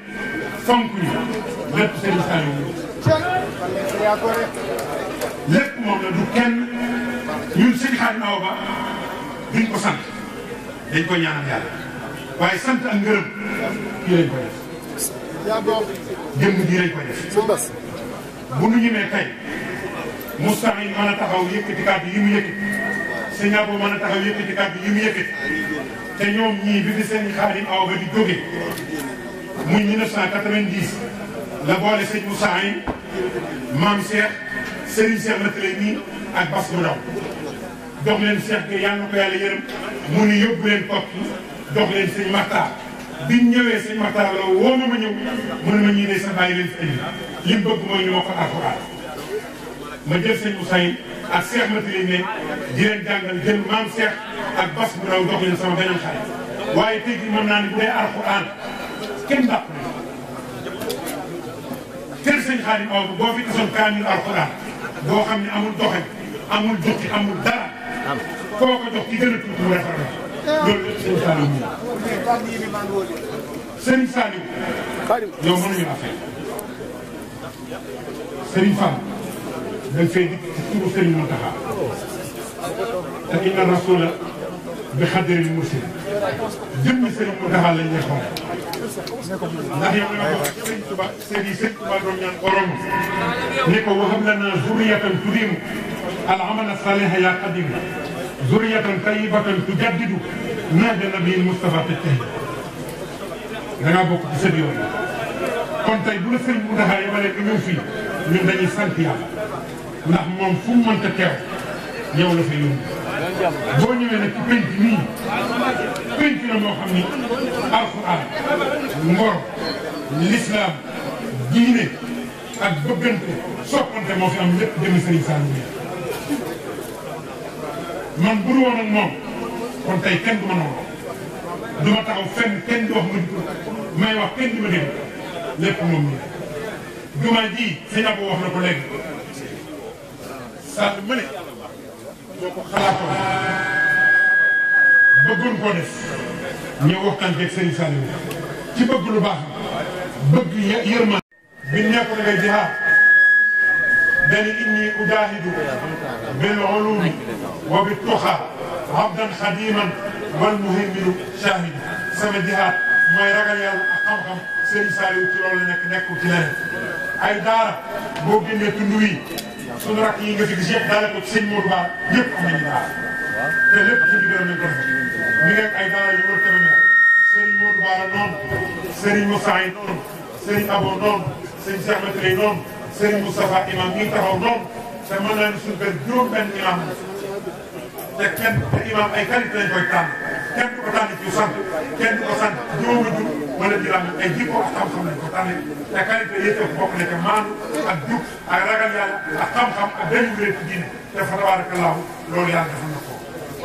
D: fonk ñu lépp Serigne
A: Saliou
D: lépp moom la du kenn ñun Serigne Khadim Awa duñ ko sant dañ ko ñaanal yàlla waaye sant ak ngërëm kii lañ ko ko def bu nu ñemee tey Moustapha yi mën a taxaw yëkkati kàddu yi mu yëkkati sëñ Abo mën a taxaw yëkkati kàddu yi mu yëkkati te ñoom ñii bi fi Serigne Khadim Awa di jóge muy 1990 la boole sëñ Moussa Aine maam Cheikh Serigne Cheikh Latalène nii ak Bass mu daw dox leen Cheikh que yàlla na ko yàlla yërëm mu ni yóbbu leen Kokki dox leen sëñ Makhtar biñ ñëwee sëñ Makhtar la woo ma ma ñëw mu ne ma ñii de sa bàyyi leen fi indi bëgg mooy ñu ma ko alxuraan ma jël sëñ Moussa Aine ak Cheikh Latalène ne di leen jàngal jël maam Cheikh ak Bass mu daw dox leen sama beneen xarit waaye tey jii mën naa ne bu dee alxuraan kenn dàq kër sëñ Xaadim Awa boo fi gisoon kaamil alxuraan boo xam ne amul doxal amul jukki amul dara koo ko jox ci gën a tuuti mu defar la loolu lépp sëñ Saliou moom sëriñ Saliou yow mënuñu la fay sëriñ Fall dañ fay dikk ci turu sëriñ Mountakha te inna rasula bi xadri mursal jëmmi sëriñ Mountakha lañ lay xool ndax yàlla na ko sëriñ Tuba sëriñ sëriñ Tuba doon ñaan borom ni ko wahab lana zurriyatan tudimu al amala saliha ya qadim zurriyatan tayyibatan tujaddidu nahja nabiyyil Mustafa tattahi da ngaa bokk ci sëb yooyu kon tey bu la sëriñ bu ndaxaa yemale nga ñëw fii ñun dañuy sant yàlla ndax moom fu mu mënta teew yow la fa yóbbu boo ñëwee nag ci penc nii pénc la moo xam ni alxuraan ngor lislaam diine ak bëggante soppante moo fi am lépp jëmi sëriñ Saliou man bu dul woon ak moom kon tey noonu du ma taxaw fenn kenn di wax ma di may wax kenn di ma dégg lépp moom mi jumaa ji wax na ko léegi Sall mu ne boo ko bëgguñ ko def ñu waxtaan ak Serigne Saliou ci bëgg lu baax bëgg yërma bi nekk da ngay jihaad dani inni ujahidu bil ulum
F: wa bit tuha
D: abdan khadiman wal muhimmin shahid sama jihad mooy ragal yal xam-xam Serigne Saliou ci loolu nek nek ci lene ay daara bo génnee tund wi sunu rak yi nga fi gis yëpp ko ci sëñ mourba Ba yëpp am nañu daara te lépp ci ndigalam ko Serigne Moussa yi noonu Serigne Abo noonu Serigne Cheikh Mataley noonu Serigne Moustapha imam mi taxaw noonu te mën naa ne suñu kër juróom-benn imam te kenn te imam ay qualité lañ koy tànn kenn du ko tànn ci sant kenn du ko sant juróomi jur wala juróom ay jikko ak xam-xam lañ ko tànnee te qualité yëpp bokk na ragal yàlla ak xam-xam ak dañu wéree ci diine te fa tabaarakallaahu loolu yàlla defal na ko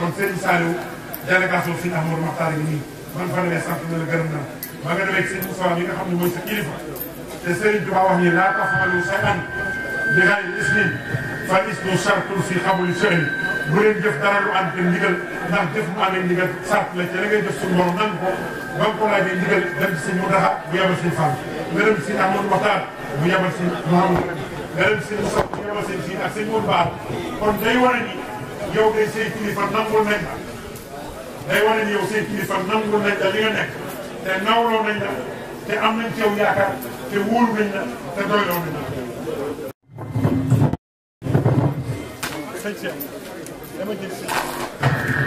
D: kon Serigne Saliou délégation suñu Amadou Makhtar nii man ba nga demee seen Moussa mi nga xam ne mooy sa kilifa te Serigne Touba wax ni laa taxawalu sanan li xayri ismin fa ismu sartul fi xabuli sëriñ bu leen jëf dara lu ànd te ndigal ndax jëf mu amee ndigal sart la ca la ngay jëf suñu borom nan ko ba nga ko laajee ndigal dem ci sëñ Mountakha bu yabal sëñ Fall nga dem ci Amadou Mokhtar bu yabal sëñ Mouhamadou nga dem ci Moussa bu yabal sëñ fii ak sëñ Modou Baar kon day wane ni yow day say kilifa nangul nañ day wane ni yow say kilifa nangul nañ da li nga nekk te nawloo nañ la te am nañ ci yow yaakaar te wóolu nañ la te doyloo nañ la. sëñ Cheikh dama jël si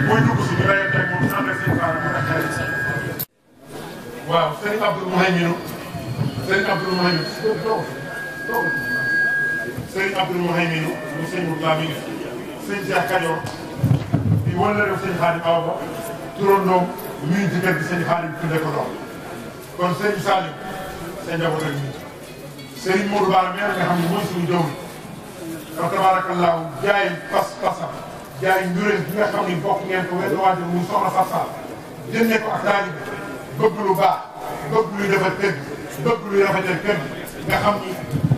D: booy dugg si ñu lay ak moom ànd ak seen faara mu rafetlu si. waaw sëñ Abdou Mouhaimine sëñ Abdou Mouhaimine sëñ Abdou Mouhaimine mu sëñ Mourtala mi ngi fi sëñ Cheikh Kajoor di wan la def sëñ Xaadim Awa ba turandoom ñuy di teg sëñ Xaadim tudde ko doom kon sëñ Salim sa njaboot ak ñun bëgg lu baax bëgg luy defar kër gi luy rafetal kër nga xam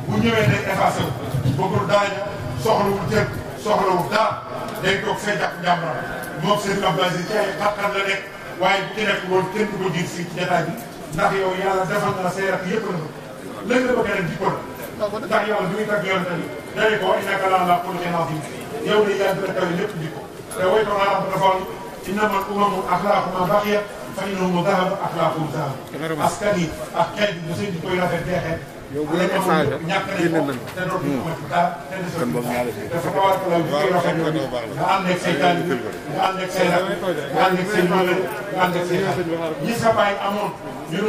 D: bu ñëwee day effacé wu bëggul daañu soxlawul jël soxlawul dara day toog fee jàpp njàmbaram moom Serigne Abdoulaye Sy ci ay xar-xar la waaye bu ci nekk loolu kenn du ko jiit fii ci jotaay bi ndax yow yàlla defal na la say rakk yëpp na léegi la ko keneen jikko la ndax yàlla bi muy tag yoon tamit dane ko innaka laa la xuluqin azim yow de yaa dina kawe lépp jikko te way toon naa dafa wax innama al umamu axlaaqu ma baqiya fa innahum dahaba axlaaquhum dahaba askan yi ak xeet bi bu seen jikko yu rafet deexee yow bu leen échangé génne nañ ko. Hmm. kon boobu ñaari bi. waaw xam nga doo baax la. nga ànd ak say daal nga ànd ak say rakk nga ànd ak say màggal nga ànd ak say xarit ñi sa bàyyi ñu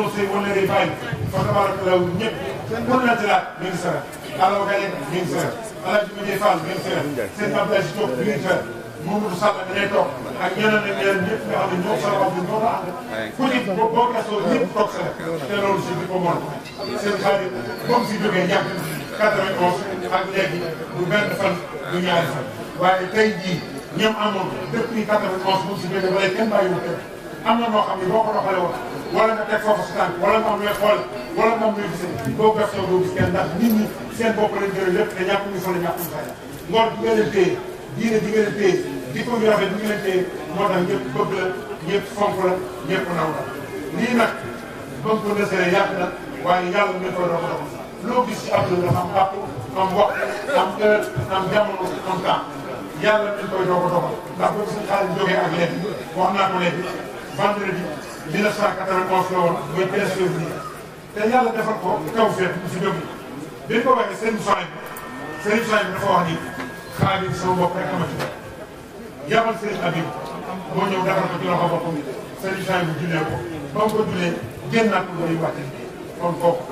D: doon Mamadou Sall da ngay toog ak ñeneen ak ñeneen ñëpp nga xam ne ñoo faral di ñoo ko ànd. ku ci boo boo gasoo ñëpp toog sa te loolu si di ko mën seen xarit comme si jógee ñàkk 91 ak léegi du benn fan du ñaari fan waaye tey jii ñoom amoon depuis 91 bu si jógee ba léegi kenn bàyyiwul kenn am na noo xam ne boo ko doxalee woon wala nga teg foofu sa tànk wala nga am looy xool wala nga am looy gisee boo gasoo doo gis kenn ndax nit ñi seen bopp lañ jëlee lépp te ñàkk ñu fa la ñàkk ñu fa la ngor bi nga leen téye diine di ngeen a téye jikko yu rafet di ngeen a téye moo tax ñëpp bëgg la ñëpp fonk la ñëpp naw la lii nag ba mu ko desee yàq na waaye yàlla ngeen koy dox dox loo gis ci àdduna dafa am bàpp am waxtu am heure am jamono am temps yàlla ngeen koy dox doxal ndax boobu suñu xaalis jógee ak léegi wax naa ko léegi vendredi 1991 la woon mooy 15 février te yàlla defal ko taw fépp si jóg bi ko waxee seen soin bi seen soin bi dafa wax nii xaalis sama bopp rek amati yabal seen abib moo ñëw defal ko ci loxo boppam sëriñ ko ba mu ko jullee génnaat ko doy wàcc kon kooku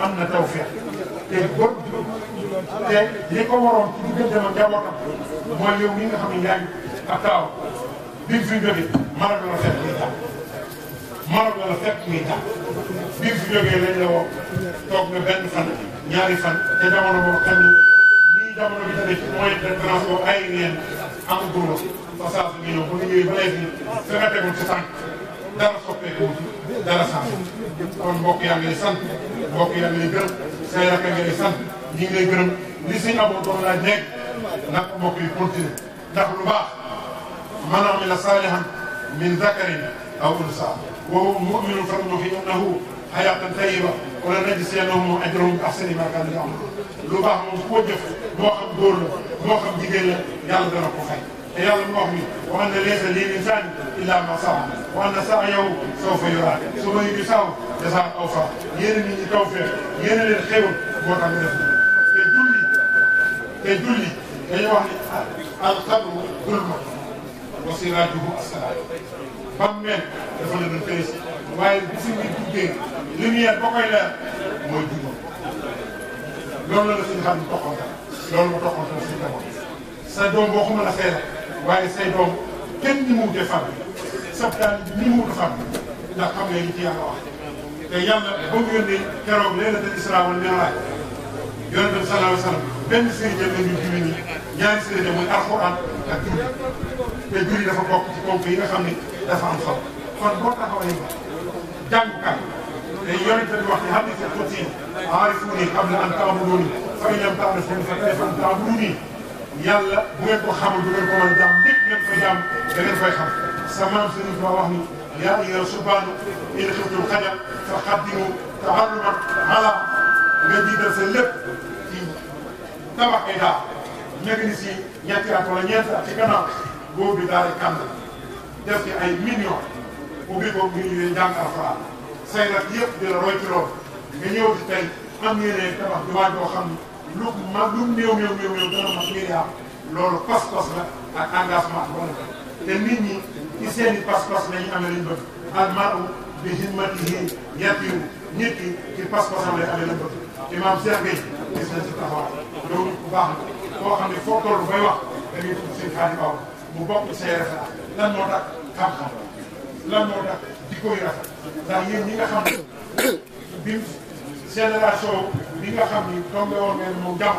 D: ko waroon ci diggante mooy yow mi nga xam ne yaa ngi ak taaw fi jógee marag la fekk muy tax la fekk muy tax fi jógee lañ la woo toog na benn fan ñaari fan te jamono boobu jamono bi tamit moyen de transport aérien amul góor ba saa su ñëw ba liggéey ba léegi su nga tegul ci tànk dara soppeeku dara sant kon mbokk yaa ngi lay sant mbokk yaa ngi lay gërëm say rakk nga lay sant ñi ngi lay gërëm li suñ amoo doon laaj nekk nag mbokk yi continuer ndax lu baax man amila saalihan min zakarin aw unsa wa huwa muminun fanuhyiinahu hayaatan tayyiba wala najziyannahum ajrahum bi ahsani ma kanu ya'malun lu baax moom koo jëf moo xam góor la moo xam jigéen la yàlla dana ko fay te yàlla mu wax ni wa anna laysa lil insani illa ma sa'a wa anna sa'yahu sawfa yura summa yujzahu jazaa'an awfa yéen a nit ñi tawfeex yéen a leen xéwal moo tax nga def te julli te julli dañuy wax
I: ni al qabru
D: zulma wa sirajuhu as-salat bam mel dafa la doon tërësi waaye bi si muy duggee lumière ba koy leer mooy jubóo loolu la la suñu xam ne toqoon loolu sa doom boo xamul la say la waaye say doom kenn ni mu sab daal ni mu ndax xam nga li ci yàlla wax te yàlla ba mu yónnee keroog leelatal isra wala nee laaj yonente bi sallallahu alayhi wa benn sëriñ la ñu nii ñaari sëriñ la muy alxuraan ak julli te julli dafa bokk ci ponk yi nga xam ne dafa am solo kon boo taxawalee jàngukaay ينتج وحيهبك الكتين عارفوني قبل أن تعبدوني فإن لم تعرفوني فكيف أن تعبدوني yàlla bu ngeen ko xamul du ngeen ko mën a jaam lépp ngeen fa jaam da ngeen fay xam sa maam Serigne Touba wax ni yaa ayyuha subaanu in xiftum xaja fa xaddimu taxalluman ala nga jiital sa lépp ci tabax ay daal nekk ni si ñetti at wala ñeenti at ci gannaaw boobu bi daal di kànd def ci ay millions ubbi ko ngir ñu jàng alxuraan say nag yëpp di la roy ci loolu nga ñëw di tey am yéene tabax jumaa joo xam ne lu ma lu néew néew néew néew dana mat milliard loolu pas-pas la ak engagement ak volonté te nit ñi ci seen i pas-pas la ñu amee lañ bëgg almaru bi yatiru nit ki ci pas-pasam lay amee lañ bëgg imaam Cheikh Gueye gis nañ baax la koo xam ne foo toll bay wax da ngay tudd seen mu bokk ci say rafet moo tax xam-xam lan moo tax di koy ndax yéen ñi nga xam bi génération bi nga xam ni tombé woon ngeen moom jàmm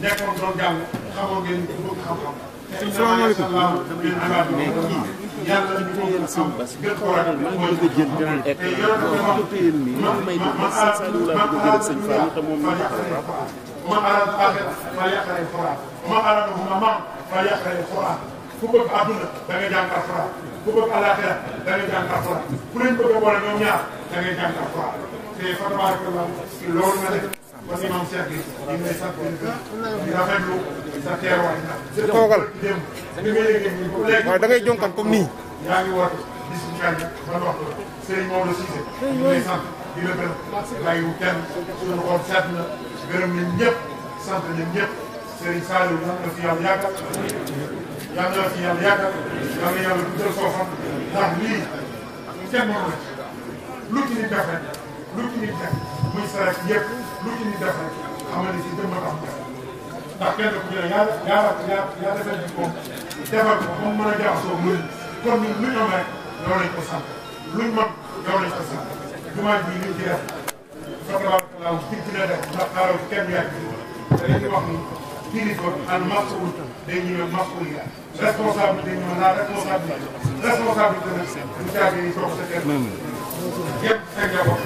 D: nekkoon doon jàng xamoon ngeen ni bëgg xam-xam. salaamaaleykum yàlla ñu ko gën a am gën ko ragal man bëgg a jël grand écran boo ko téye nii man may dugg sax Saliou laa bëgg a jël ak sëñ Fall te moom ñu man arada aaxira fa yaqra al-Qur'an man arada huma maam fa yaqra al-Qur'an ku bëgg àdduna da nga jàng al-Qur'an ku bëgg àllaaxira da ngay jàng a boole ñoom ñaar da jàng alxuraan te fa nga def kon imam Cheikh bi ñu ngi lay sant di rafetlu sa teewaay. jërëjëf toogal jëm li nga léegi waaye da ngay jonkan comme nii. yaa ngi woote bis bu mel ban waxtu la Serigne Maodo Cissé ñu ngi lay sant di la gërëm bàyyiwu kenn suñu xol seet na gërëm nañ yàlla na fi yàlla yàggal yàlla yàlla dugal soo xam ndax lii kenn mënu la ci lu ci nit def rek lu ci nit def muy sarak yëpp lu ci nit def rek xamal ni si jëm ma tax ndax kenn ku ne yàlla yàlla yàlla defal ci moom defal ko moom mën a jaxasoo mën kon ñun lu ñu am rek yow lañ ko sant luñ mën yow lañ ko sant jumaa ji liñ ci def fatabarakallahu ci ci def ndax xaaral kenn yaay te dañuy wax ni kilifa al mas'ul day ñëw mas'ul yaay responsabilité ñu mën naa responsabilité responsabilité nag ñu jaage yi toog sa kër. yëpp sa njaboot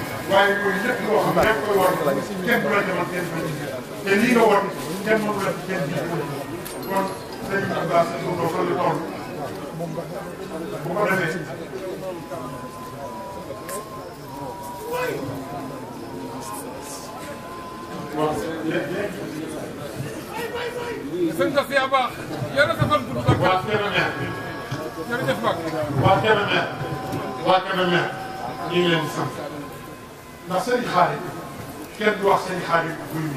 D: sëñ waa Kébémer. jërëjëf waa Kébémer. waa Kébémer leen di sant ndax sëñ kenn du wax sëñ Xaadim guy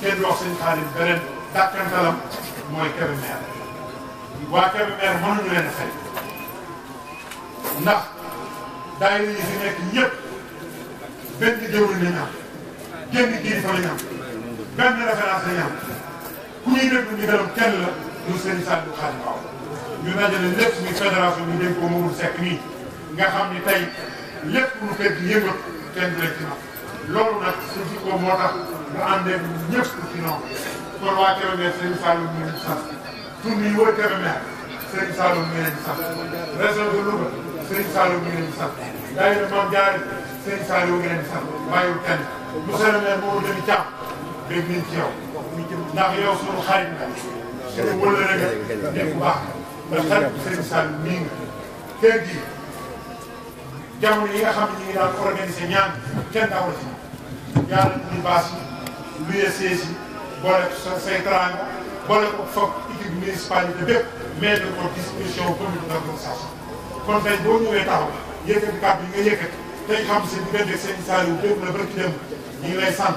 D: kenn du wax sëñ Xaadim beneen dàkkantalam mooy Kébémer waa Kébémer mënuñu leen a fay ndax daayira yi fi nekk ñëpp benn jëwriñ lañ am génn kilifa lañ am benn référence lañ am. ku ñuy déglu ndigalam kenn la muy Serigne Sadou Khady Mbaw ñu dajale lépp muy fédération bi dénk ko Mourou Seck nii nga xam ni tey lépp lu fekk yëngat kenn du leen loolu nag suñ ci moo tax mu àndee ñëpp ci noonu kon waa Kébémer Serigne ñu leen di sant tur yi wër Kébémer Serigne Saloum ñu leen di sant région de Louga Serigne Saloum ñu leen di sant daayira Mame Diarra Serigne Saloum ñu leen di sant bàyyiwul kenn monsieur le maire Mamadou Demi Thiam dégg nañ ci yow. ndax yow sunu xarit nga te wëllëre
J: nga nit ku
D: baax nga xarit Serigne Sall mii nga kër gi jamono yi nga xam ne ñu ngi ñaan kenn dawal ci yàlla ñu baas yi luyee sees boole sa say teraanga boole ko foog équipe municipalité bépp mettre ko disposition commune d'organisation kon tey boo ñëwee taxaw yëkkati kàddu yi nga yëkkati tey xam si diggante Serigne Sall wu dégg la barki dem ñu sant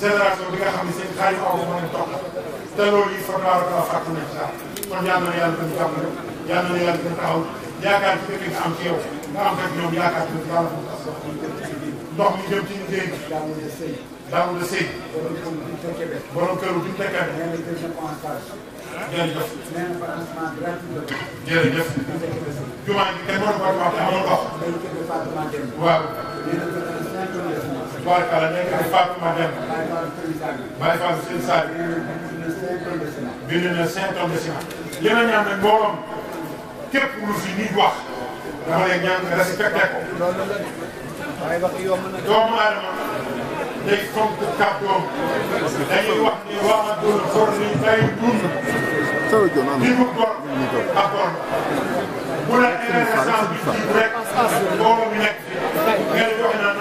D: génération bi nga xam ne seen xaar yu aw moo leen toog te loolu yi foog naa war a ko fàttali nañ ci kon yal na yàlla gën jàppale yal na yàlla gën taxaw yaakaar ci dëkk nga am ci nga am rek ñoom yaakaar ci dëkk yàlla ndox mi jëm ci ñu géej gi daawul a sëy borom kër bu ji kenn waru tubaarkalla nekk na Fatima Dem. Baye Fall Serigne Sall. bind na cinq tonnes de ciment. li ma ñaan nag mbooloom képp lu fi nit wax dama lay ñaan nga respecté ko. doomu aadama day fonk kàddoom dañuy wax ni waa Dóor Dóor ni day dund. li mu gor ak gor bu la émergence bi rek mbooloo mi nekk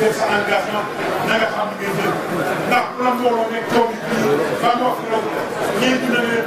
D: jël sa engagement na nga xam ne ngay jël ndax la mbooloo nekk tool yi ba mu wax loolu ñeenti na leen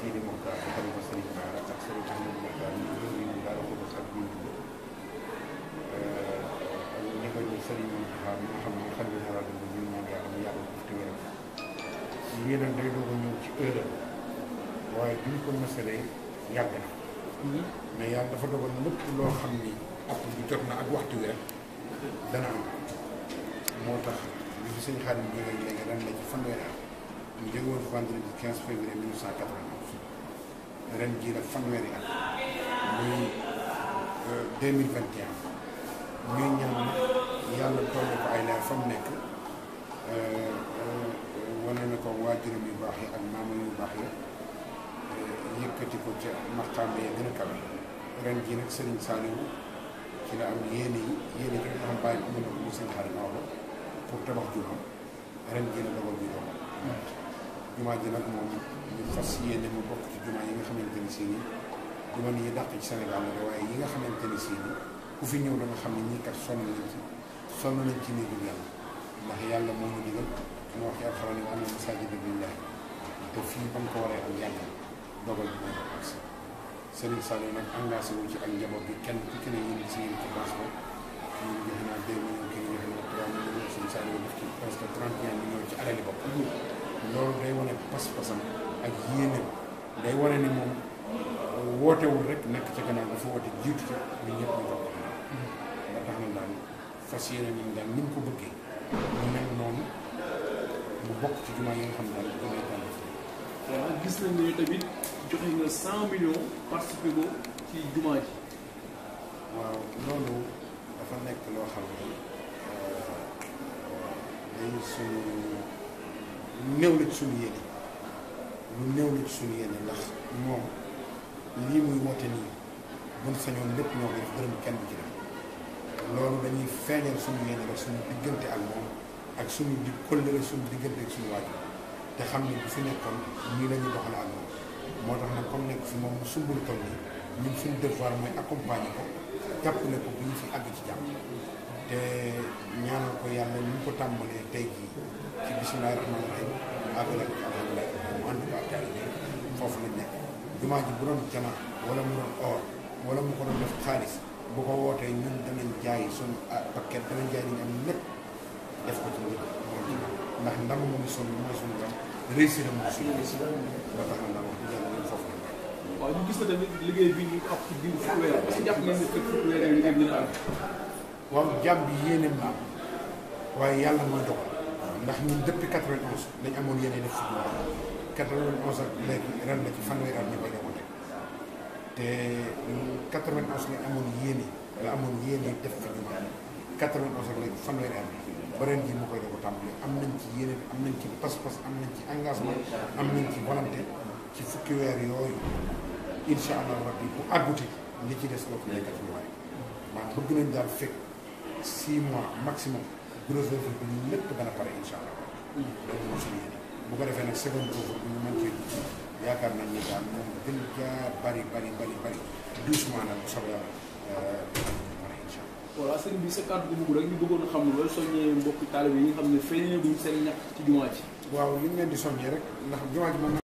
K: سيد مختار فقد وصلت على أكثر محمد مختار من من دار وصحبه لمن يسلم محمد خلف هذا المدين من الأنبياء والكفرية yéen a ngi lay doog a ñëw ci heure waaye bi ñu ko mësalee yàgg na. mais yàlla dafa dogal lépp loo xam ni app bi jot na ak waxtu wi rek dana am moo tax li fi sëñ Xaadim jógee léegi ren la ci fanweeri at ñu jóge woon vendredi 15 février 1980. ren jii la fanweeri at muy 2021 euh, ñuy ñaan yàlla dolli ko ay leer fa nekk euh, euh, wane na ko waajuram yu baax yi ak maamam yu baax yi yëkkati ko ca maxtaam gën a kawe ren jii nag sëriñ Saliou ci la am yéene yi yéene ci am bàyyi amoon na ko mu seen xarit Maodo pour tabax juróom ren jii la dogal bi dogal jumaa ji nag moom ñu fas yéene mu bokk ci jumaa yi nga xamante ne sii nii jumaa yi dàq ci Sénégal la waaye yi nga xamante ne sii nii ku fi ñëw da xam ne ñii kat sonn nañ ci sonn nañ ci néegu yàlla ndax yàlla moo ñu digal moo wax ci alxuraan yi am na ko waree am yàlla dogal bi nag engagé wu ci ak njaboot bi kenn ku ci ñu ngi si ci transport ñu ngi joxe naa deux millions kii ci presque trente et un loolu day wane pas-pasam ak yéenéem day wane ni moom wootewul rek nekk ca gannaaw dafa woote jiitu ca ñu ñëpp ñu topp ba tax na daal fas yéene nañ daal ni mu ko bëggee mu mel noonu mu bokk ci jumaa yi nga xam daal ko may daal
E: waaw gis ji
K: waaw loolu dafa nekk loo xam ne euh, dañ suñu نولد سنياني نولد سنياني لخ موم لي موي موتاني بون فانيو نيب نيو غير برم كان جيرا لولو داني فاجال سنياني با سن ديغنتي اك موم اك سن دي كول لي سن ديغنتي سن واج تا خامني بو في نيكون ني لا ني دوخال اك موم موتاخ نا كوم نيك في موم سوبول كوم ني في اك جي جام té ñaanal ko yàlla ci bisimilah rahmaani rahim àggale ko alhamdulilah mu ànd ko ak taalibe foofu lañ nekk jumaa ji bu doon jama wala mu doon or wala mu ko doon def xaalis bu ko wootee ñun danañ jaay suñu ah, paquet danañ jaay li ñu am lépp def ko ci biir ndax ndam mu ngi suñu mooy suñu ndam réussir la mooy suñu réussir ba tax na ndam wax dëgg yàlla foofu lañ nekk. waaw ñu gis na tamit liggéey bi ñu ko ab ci biir fukki weer parce que jàpp nañ ne fekk fukki weer yi liggéey bi dina am. waaw jàmm bi yéene na am waaye yàlla mooy dogal. ndax ñun depuis 91 lañ amoon yéene def si biir 91 ak léegi ren la ci fanweeri at ñu bañ a ko teg te 91 lañ amoon yéene la amoon yéene def ko ñu maanaam 91 ak léegi fanweeri at ba ren jii mu koy doog a tàmbali am nañ ci yéene am nañ ci pas-pas am nañ ci engagement am nañ ci volonté ci fukki weer yooyu incha allah rabbi bu àggute li ci des dootu nekkat ñu waaye maanaam bëgg nañ daal fekk 6 mois maximum. gros œuvre bi lépp dana pare incha allah loolu moo suñu yéene bu ko defee nag second œuvre bi ñu mën yaakaar nañ ne daal moom gën jaa bari bari bari bari doucement nag bu soobee yàlla euh, pare
E: incha allah voilà sëñ bi sa kàddu bu rek ñu bëggoon xam ne loolu soññee mbokki taalibe yi nga xam ne feeñee duñ seen ñàkk ci jumaa ji waaw li ñu leen di soññee rek ndax jumaa ji